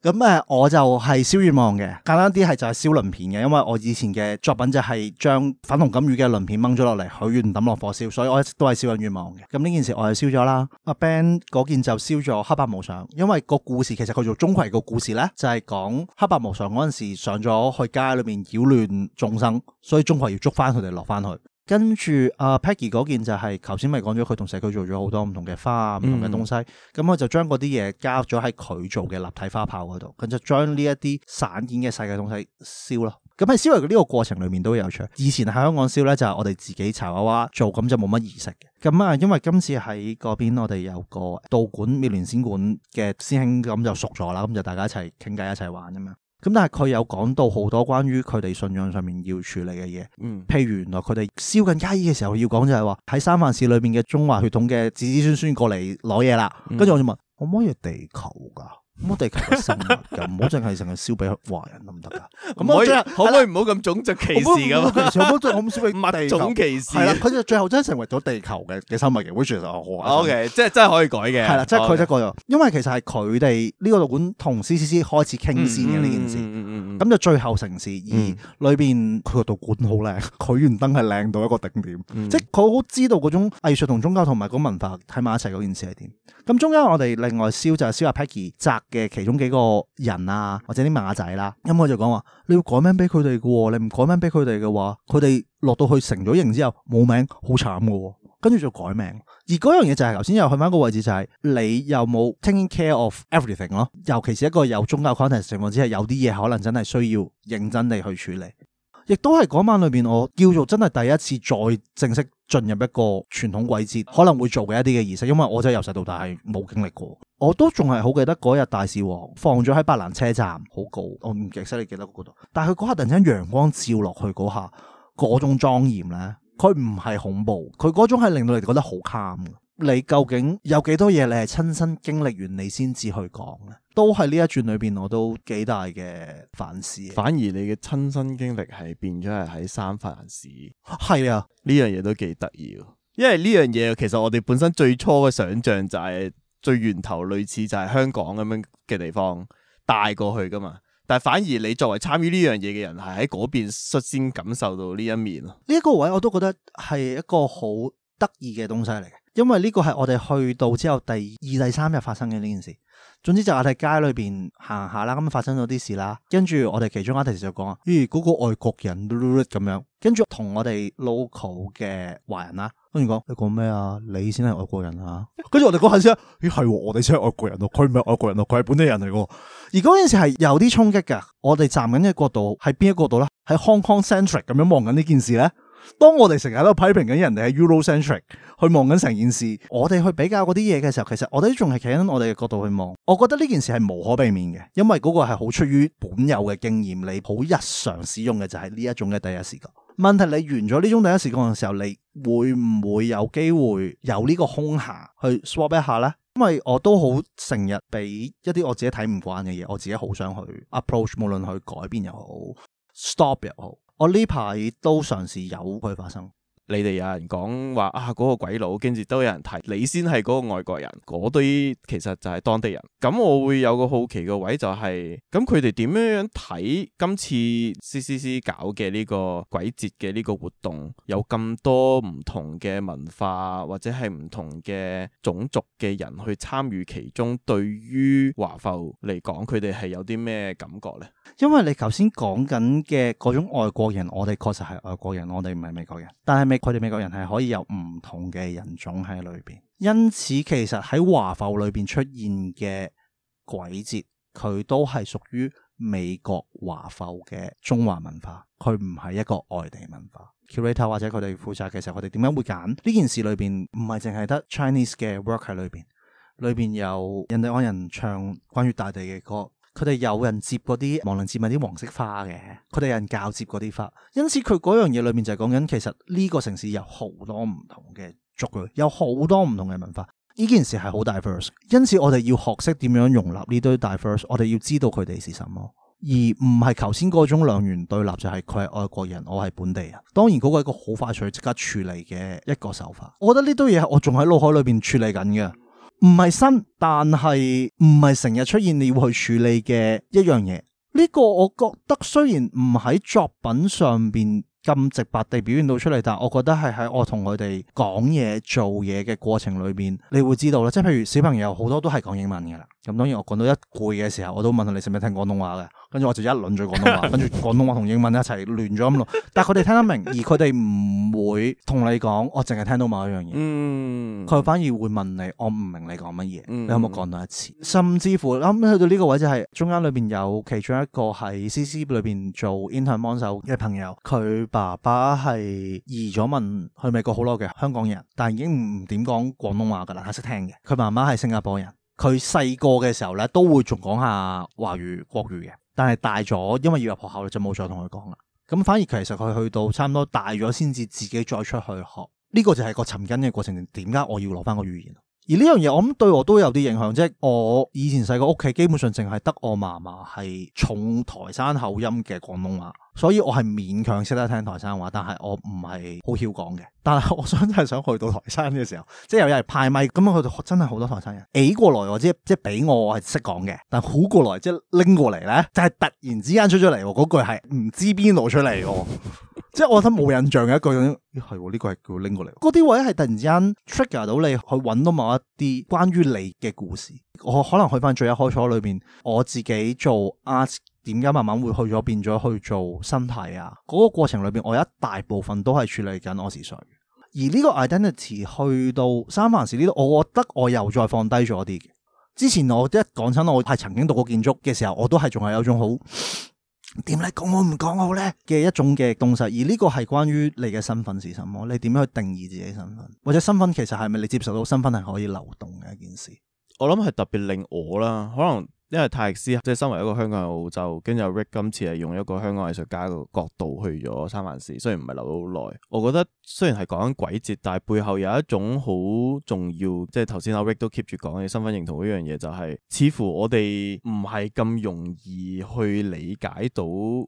咁誒、嗯，我就係燒願望嘅，簡單啲係就係燒鱗片嘅，因為我以前嘅作品就係將粉紅金魚嘅鱗片掹咗落嚟，許願抌落火燒，所以我一直都係燒人願望嘅。咁、嗯、呢件事我就燒咗啦，阿 Ben 嗰件就燒咗黑白無常，因為個故事其實叫做鍾馗個故事咧，就係、是、講黑白無常嗰陣時上咗去街裏面擾亂眾生，所以鍾馗要捉翻佢哋落翻去。跟住阿、呃、Peggy 嗰件就係、是，頭先咪講咗佢同社區做咗好多唔同嘅花、唔同嘅東西，咁我、嗯、就將嗰啲嘢加咗喺佢做嘅立體花炮嗰度，咁就將呢一啲散件嘅世界東西燒咯。咁喺燒嘅呢個過程裏面都有趣。以前喺香港燒咧就係、是、我哋自己柴娃娃做，咁就冇乜儀式嘅。咁啊，因為今次喺嗰邊我哋有個道館、妙蓮仙館嘅師兄，咁就熟咗啦，咁就大家一齊傾偈、一齊玩啊嘛。咁但係佢有講到好多關於佢哋信仰上面要處理嘅嘢，嗯，譬如原來佢哋燒緊街衣嘅時候要講就係話喺三藩市裏面嘅中華血統嘅子子孫孫過嚟攞嘢啦，跟住、嗯、我就問：可唔可以地球噶？咁地球生物噶，唔好淨係成日燒俾華人得唔得噶？咁可唔可以唔好咁種族歧視噶？上坡真係好少俾物種歧視。係啦，佢就最後真係成為咗地球嘅嘅生物嘅其實係好。O K，即係真係可以改嘅。係啦，真係佢真係改咗，因為其實係佢哋呢個道館同 C C C 開始傾先嘅呢件事。咁就最後城市而裏邊佢個道館好靚，佢原燈係靚到一個頂點，即係佢好知道嗰種藝術同宗教同埋個文化喺埋一齊嗰件事係點。咁中間我哋另外燒就係燒阿 Peggy 嘅其中幾個人啊，或者啲馬仔啦，咁、嗯、我就講話你要改名俾佢哋嘅喎，你唔改名俾佢哋嘅話，佢哋落到去成咗型之後冇名，好慘嘅喎，跟住就改名。而嗰樣嘢就係頭先又去翻一個位置，就是，就係你有冇 taking care of everything 咯，尤其是一個有宗教 context 嘅情況之下，有啲嘢可能真係需要認真地去處理。亦都係嗰晚裏面，我叫做真係第一次再正式進入一個傳統鬼節，可能會做嘅一啲嘅儀式，因為我真係由細到大係冇經歷過。我都仲係好記得嗰日大士王放咗喺白蘭車站，好高，我唔記得你記得嗰度。但係佢嗰刻突然間陽光照落去嗰下，嗰種莊嚴呢，佢唔係恐怖，佢嗰種係令到你哋覺得好 calm。你究竟有幾多嘢？你係親身經歷完，你先至去講咧。都係呢一轉裏邊，我都幾大嘅反思。反而你嘅親身經歷係變咗係喺三藩市。係啊的，呢樣嘢都幾得意。因為呢樣嘢，其實我哋本身最初嘅想象就係最源頭類似就係香港咁樣嘅地方帶過去噶嘛。但係反而你作為參與呢樣嘢嘅人，係喺嗰邊率先感受到呢一面咯。呢一個位我都覺得係一個好得意嘅東西嚟。因為呢個係我哋去到之後第二、第三日發生嘅呢件事。總之就係喺街裏邊行下啦，咁發生咗啲事啦。跟住我哋其中一位同事就講啊：咦，嗰、那個外國人咁樣。跟住同我哋 local 嘅華人啦，跟住講：你講咩啊？你先係外國人啊！跟住我哋講下先啊。咦，係、哦、我哋先係外國人咯、啊，佢唔係外國人咯、啊，佢係本地人嚟、啊、噶。而嗰件事係有啲衝擊嘅。我哋站緊嘅角度係邊一個角度咧？喺 Hong Kong centric 咁樣望緊呢件事咧？當我哋成日都批評緊人哋係 Eurocentric 去望緊成件事，我哋去比較嗰啲嘢嘅時候，其實我哋仲係企喺我哋嘅角度去望。我覺得呢件事係無可避免嘅，因為嗰個係好出於本有嘅經驗，你好日常使用嘅就係呢一種嘅第一視角。問題你完咗呢種第一視角嘅時候，你會唔會有機會有呢個空閒去 swap 一下呢？因為我都好成日俾一啲我自己睇唔慣嘅嘢，我自己好想去 approach，無論去改變又好 stop 又好。我呢排都嘗試由佢發生。你哋有人講話啊嗰、那個鬼佬，跟住都有人提你先係嗰個外國人，嗰堆其實就係當地人。咁我會有個好奇嘅位就係、是，咁佢哋點樣樣睇今次 CCC 搞嘅呢個鬼節嘅呢個活動，有咁多唔同嘅文化或者係唔同嘅種族嘅人去參與其中，對於華埠嚟講，佢哋係有啲咩感覺呢？因為你頭先講緊嘅嗰種外國人，我哋確實係外國人，我哋唔係美國人，但係佢哋美國人係可以有唔同嘅人種喺裏邊，因此其實喺華埠裏邊出現嘅鬼節，佢都係屬於美國華埠嘅中華文化，佢唔係一個外地文化。Curator 或者佢哋負責嘅時候，佢哋點樣會揀呢件事裏邊唔係淨係得 Chinese 嘅 work 喺裏邊，裏邊有印第安人唱關於大地嘅歌。佢哋有人接嗰啲亡靈節咪啲黃色花嘅，佢哋有人教接嗰啲花，因此佢嗰樣嘢裏面就係講緊，其實呢個城市有好多唔同嘅族，有好多唔同嘅文化，呢件事係好 diverse，因此我哋要學識點樣容納呢堆 diverse，我哋要知道佢哋是什麼，而唔係頭先嗰種兩元對立，就係佢係外國人，我係本地人。當然嗰個係一個好快速即刻處理嘅一個手法。我覺得呢堆嘢我仲喺腦海裏面處理緊嘅。唔係新，但係唔係成日出現你要去處理嘅一樣嘢。呢個我覺得雖然唔喺作品上邊咁直白地表現到出嚟，但係我覺得係喺我同佢哋講嘢、做嘢嘅過程裏邊，你會知道啦。即係譬如小朋友好多都係講英文噶啦。咁當然我講到一句嘅時候，我都問佢：你識唔識聽廣東話嘅？跟住我就一輪嘴廣東話，跟住 廣東話同英文一齊亂咗咁咯。 但係佢哋聽得明，而佢哋唔會同你講，我淨係聽到某一樣嘢。佢、嗯、反而會問你：我唔明你講乜嘢？嗯、你可唔可以講多一次？甚至乎啱啱、嗯、去到呢個位置、就係，係中間裏邊有其中一個喺 C C 裏邊做 intern 幫手嘅 朋友，佢爸爸係移咗民去美國好耐嘅香港人，但係已經唔點講廣東話㗎啦，係識聽嘅。佢媽媽係新加坡人。佢細個嘅時候咧，都會仲講下華語、國語嘅，但係大咗，因為要入學校，佢就冇再同佢講啦。咁反而其實佢去到差唔多大咗，先至自己再出去學，呢個就係個尋根嘅過程。點解我要攞翻個語言？而呢樣嘢我諗對我都有啲影響，即係我以前細個屋企基本上淨係得我嫲嫲係重台山口音嘅廣東話，所以我係勉強識得聽台山話，但係我唔係好曉講嘅。但係我想真係想去到台山嘅時候，即係有人派咪，咁，佢就真係好多台山人誒過來，即係即係俾我係識講嘅，但係好過來即係拎過嚟咧，就係、是、突然之間出咗嚟嗰句係唔知邊度出嚟。即係我覺得冇印象嘅一句，咦、哎、呢、這個係叫拎過嚟。嗰啲位係突然之間 trigger 到你去揾到某一啲關於你嘅故事。我可能去翻最一開初裏邊，我自己做 ask 點解慢慢會去咗變咗去做身體啊？嗰、那個過程裏邊，我有一大部分都係處理緊我是誰。而呢個 identity 去到三藩市呢度，我覺得我又再放低咗啲嘅。之前我一講親我係曾經讀過建築嘅時候，我都係仲係有種好。點嚟講？我唔講好咧嘅一種嘅東西，而呢個係關於你嘅身份是什麼，你點樣去定義自己身份，或者身份其實係咪你接受到身份係可以流動嘅一件事？我諗係特別令我啦，可能。因為泰勒斯即係身為一個香港人澳洲，跟住阿 Rick 今次係用一個香港藝術家嘅角度去咗三藩市，雖然唔係留到好耐，我覺得雖然係講緊鬼節，但係背後有一種好重要，即係頭先阿 Rick 都 keep 住講嘅身份認同嗰樣嘢，就係似乎我哋唔係咁容易去理解到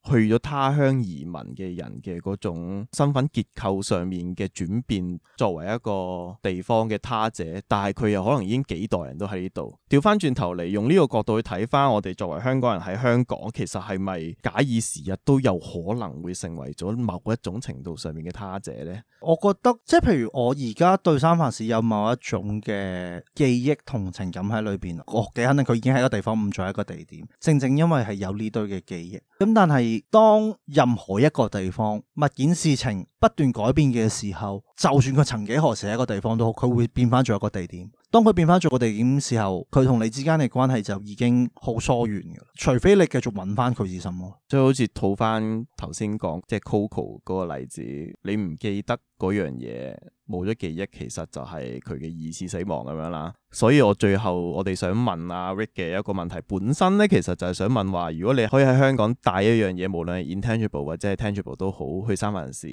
去咗他鄉移民嘅人嘅嗰種身份結構上面嘅轉變，作為一個地方嘅他者，但係佢又可能已經幾代人都喺呢度。調翻轉頭嚟，用呢個角度去。睇翻我哋作為香港人喺香港，其實係咪假以時日都有可能會成為咗某一種程度上面嘅他者呢？我覺得即係譬如我而家對三藩市有某一種嘅記憶同情感喺裏邊，我幾肯定佢已經喺一個地方唔在一個地點，正正因為係有呢堆嘅記憶。咁但係當任何一個地方物件、事情不斷改變嘅時候，就算佢曾幾何時喺一個地方都好，佢會變翻做一個地點。當佢變翻做一個地點嘅時候，佢同你之間嘅關係就已經好疏遠噶啦。除非你繼續揾翻佢自身，就好、是、似套翻頭先講即係 Coco 嗰個例子，你唔記得嗰樣嘢。冇咗記憶，其實就係佢嘅二次死亡咁樣啦。所以我最後我哋想問阿、啊、RiK 嘅一個問題，本身咧其實就係想問話，如果你可以喺香港帶一樣嘢，無論係 intangible 或者係 tangible 都好，去三藩市，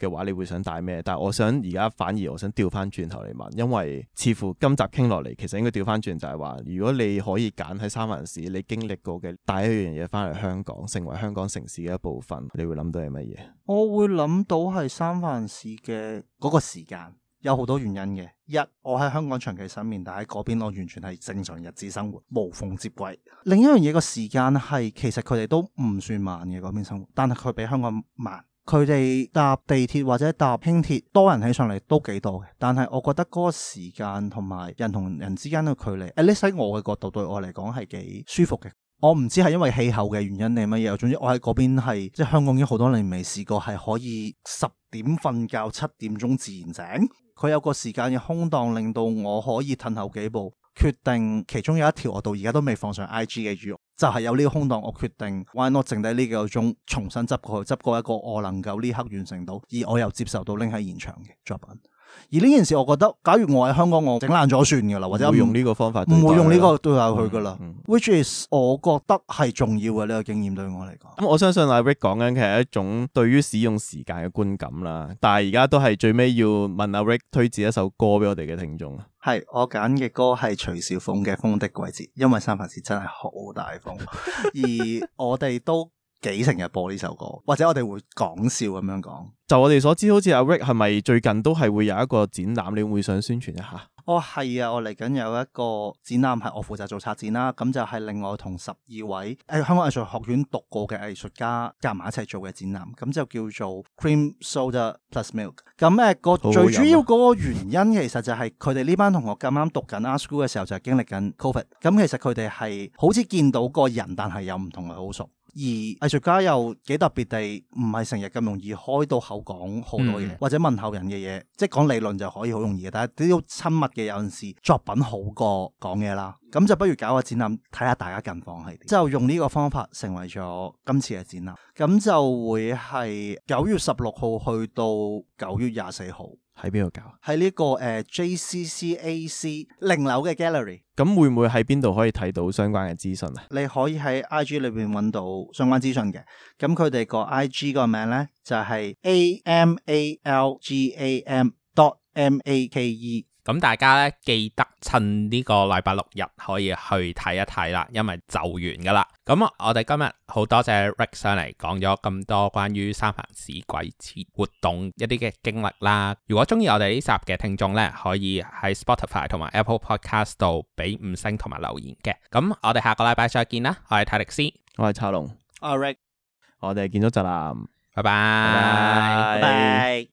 嘅話，你會想帶咩？但係我想而家反而我想調翻轉頭嚟問，因為似乎今集傾落嚟，其實應該調翻轉就係話，如果你可以揀喺三藩市你經歷過嘅帶一樣嘢翻嚟香港，成為香港城市嘅一部分，你會諗到係乜嘢？我會諗到係三藩市嘅嗰個時間，有好多原因嘅。一，我喺香港長期失眠，但喺嗰邊我完全係正常日子生活，無縫接軌。另一樣嘢個時間係其實佢哋都唔算慢嘅嗰邊生活，但係佢比香港慢。佢哋搭地鐵或者搭輕鐵，多人起上嚟都幾多嘅。但係我覺得嗰個時間同埋人同人之間嘅距離，at least 喺我嘅角度對我嚟講係幾舒服嘅。我唔知係因為氣候嘅原因定乜嘢。總之我喺嗰邊係即係香港已經好多年未試過係可以十點瞓覺，七點鐘自然醒。佢有個時間嘅空檔令到我可以褪後幾步。決定其中有一條我到而家都未放上 I G 嘅語，就係有呢個空檔，我決定 why not，我剩低呢幾個鐘，重新執過去執過一個我能夠呢刻完成到，而我又接受到拎喺現場嘅作品。而呢件事，我覺得假如我喺香港，我整爛咗算噶啦，或者我用呢個方法，唔會用呢個對待佢噶啦。嗯嗯、Which is 我覺得係重要嘅呢、呢個經驗對我嚟講。咁、嗯、我相信阿、啊、Rick 講緊其實係一種對於使用時間嘅觀感啦，但係而家都係最尾要問阿、啊、Rick 推薦一首歌俾我哋嘅聽眾。係，我揀嘅歌係徐小鳳嘅《風的季節》，因為三藩市真係好大風， 而我哋都，幾成日播呢首歌，或者我哋會講笑咁樣講。就我哋所知，好似阿 RiK 係咪最近都係會有一個展覽？你會想宣傳一下？哦，係啊，我嚟緊有一個展覽，係我負責做策展啦。咁就係另外同十二位誒，香港藝術學院讀過嘅藝術家夾埋一齊做嘅展覽，咁就叫做 Cream Soda Plus Milk。咁誒、那個最主要嗰個原因，其實就係佢哋呢班同學咁啱讀緊 Art School 嘅時候，就係經歷緊 Covid。咁其實佢哋係好似見到個人，但係又唔同，又好熟。而藝術家又幾特別地，唔係成日咁容易開到口講好多嘢，嗯、或者問候人嘅嘢，即係講理論就可以好容易嘅。但都要親密嘅有陣時作品好過講嘢啦。咁就不如搞個展覽，睇下大家近況係點。之後用呢個方法成為咗今次嘅展覽，咁就會係九月十六號去到九月廿四號。喺邊度搞？喺呢、這個誒 JCCAC 零樓嘅 gallery。咁、呃、會唔會喺邊度可以睇到相關嘅資訊啊？你可以喺 IG 裏邊揾到相關資訊嘅。咁佢哋個 IG 個名咧就係、是、A M A L G A M dot M A K E。咁大家咧記得趁呢個禮拜六日可以去睇一睇啦，因為就完噶啦。咁我哋今日好多謝 Rick 上嚟講咗咁多關於三藩市鬼節活動一啲嘅經歷啦。如果中意我哋呢集嘅聽眾咧，可以喺 Spotify 同埋 Apple Podcast 度俾五星同埋留言嘅。咁我哋下個禮拜再見啦。我係泰迪斯，我係秋龍，我係 Rick，我哋係建築宅男，拜拜，拜拜。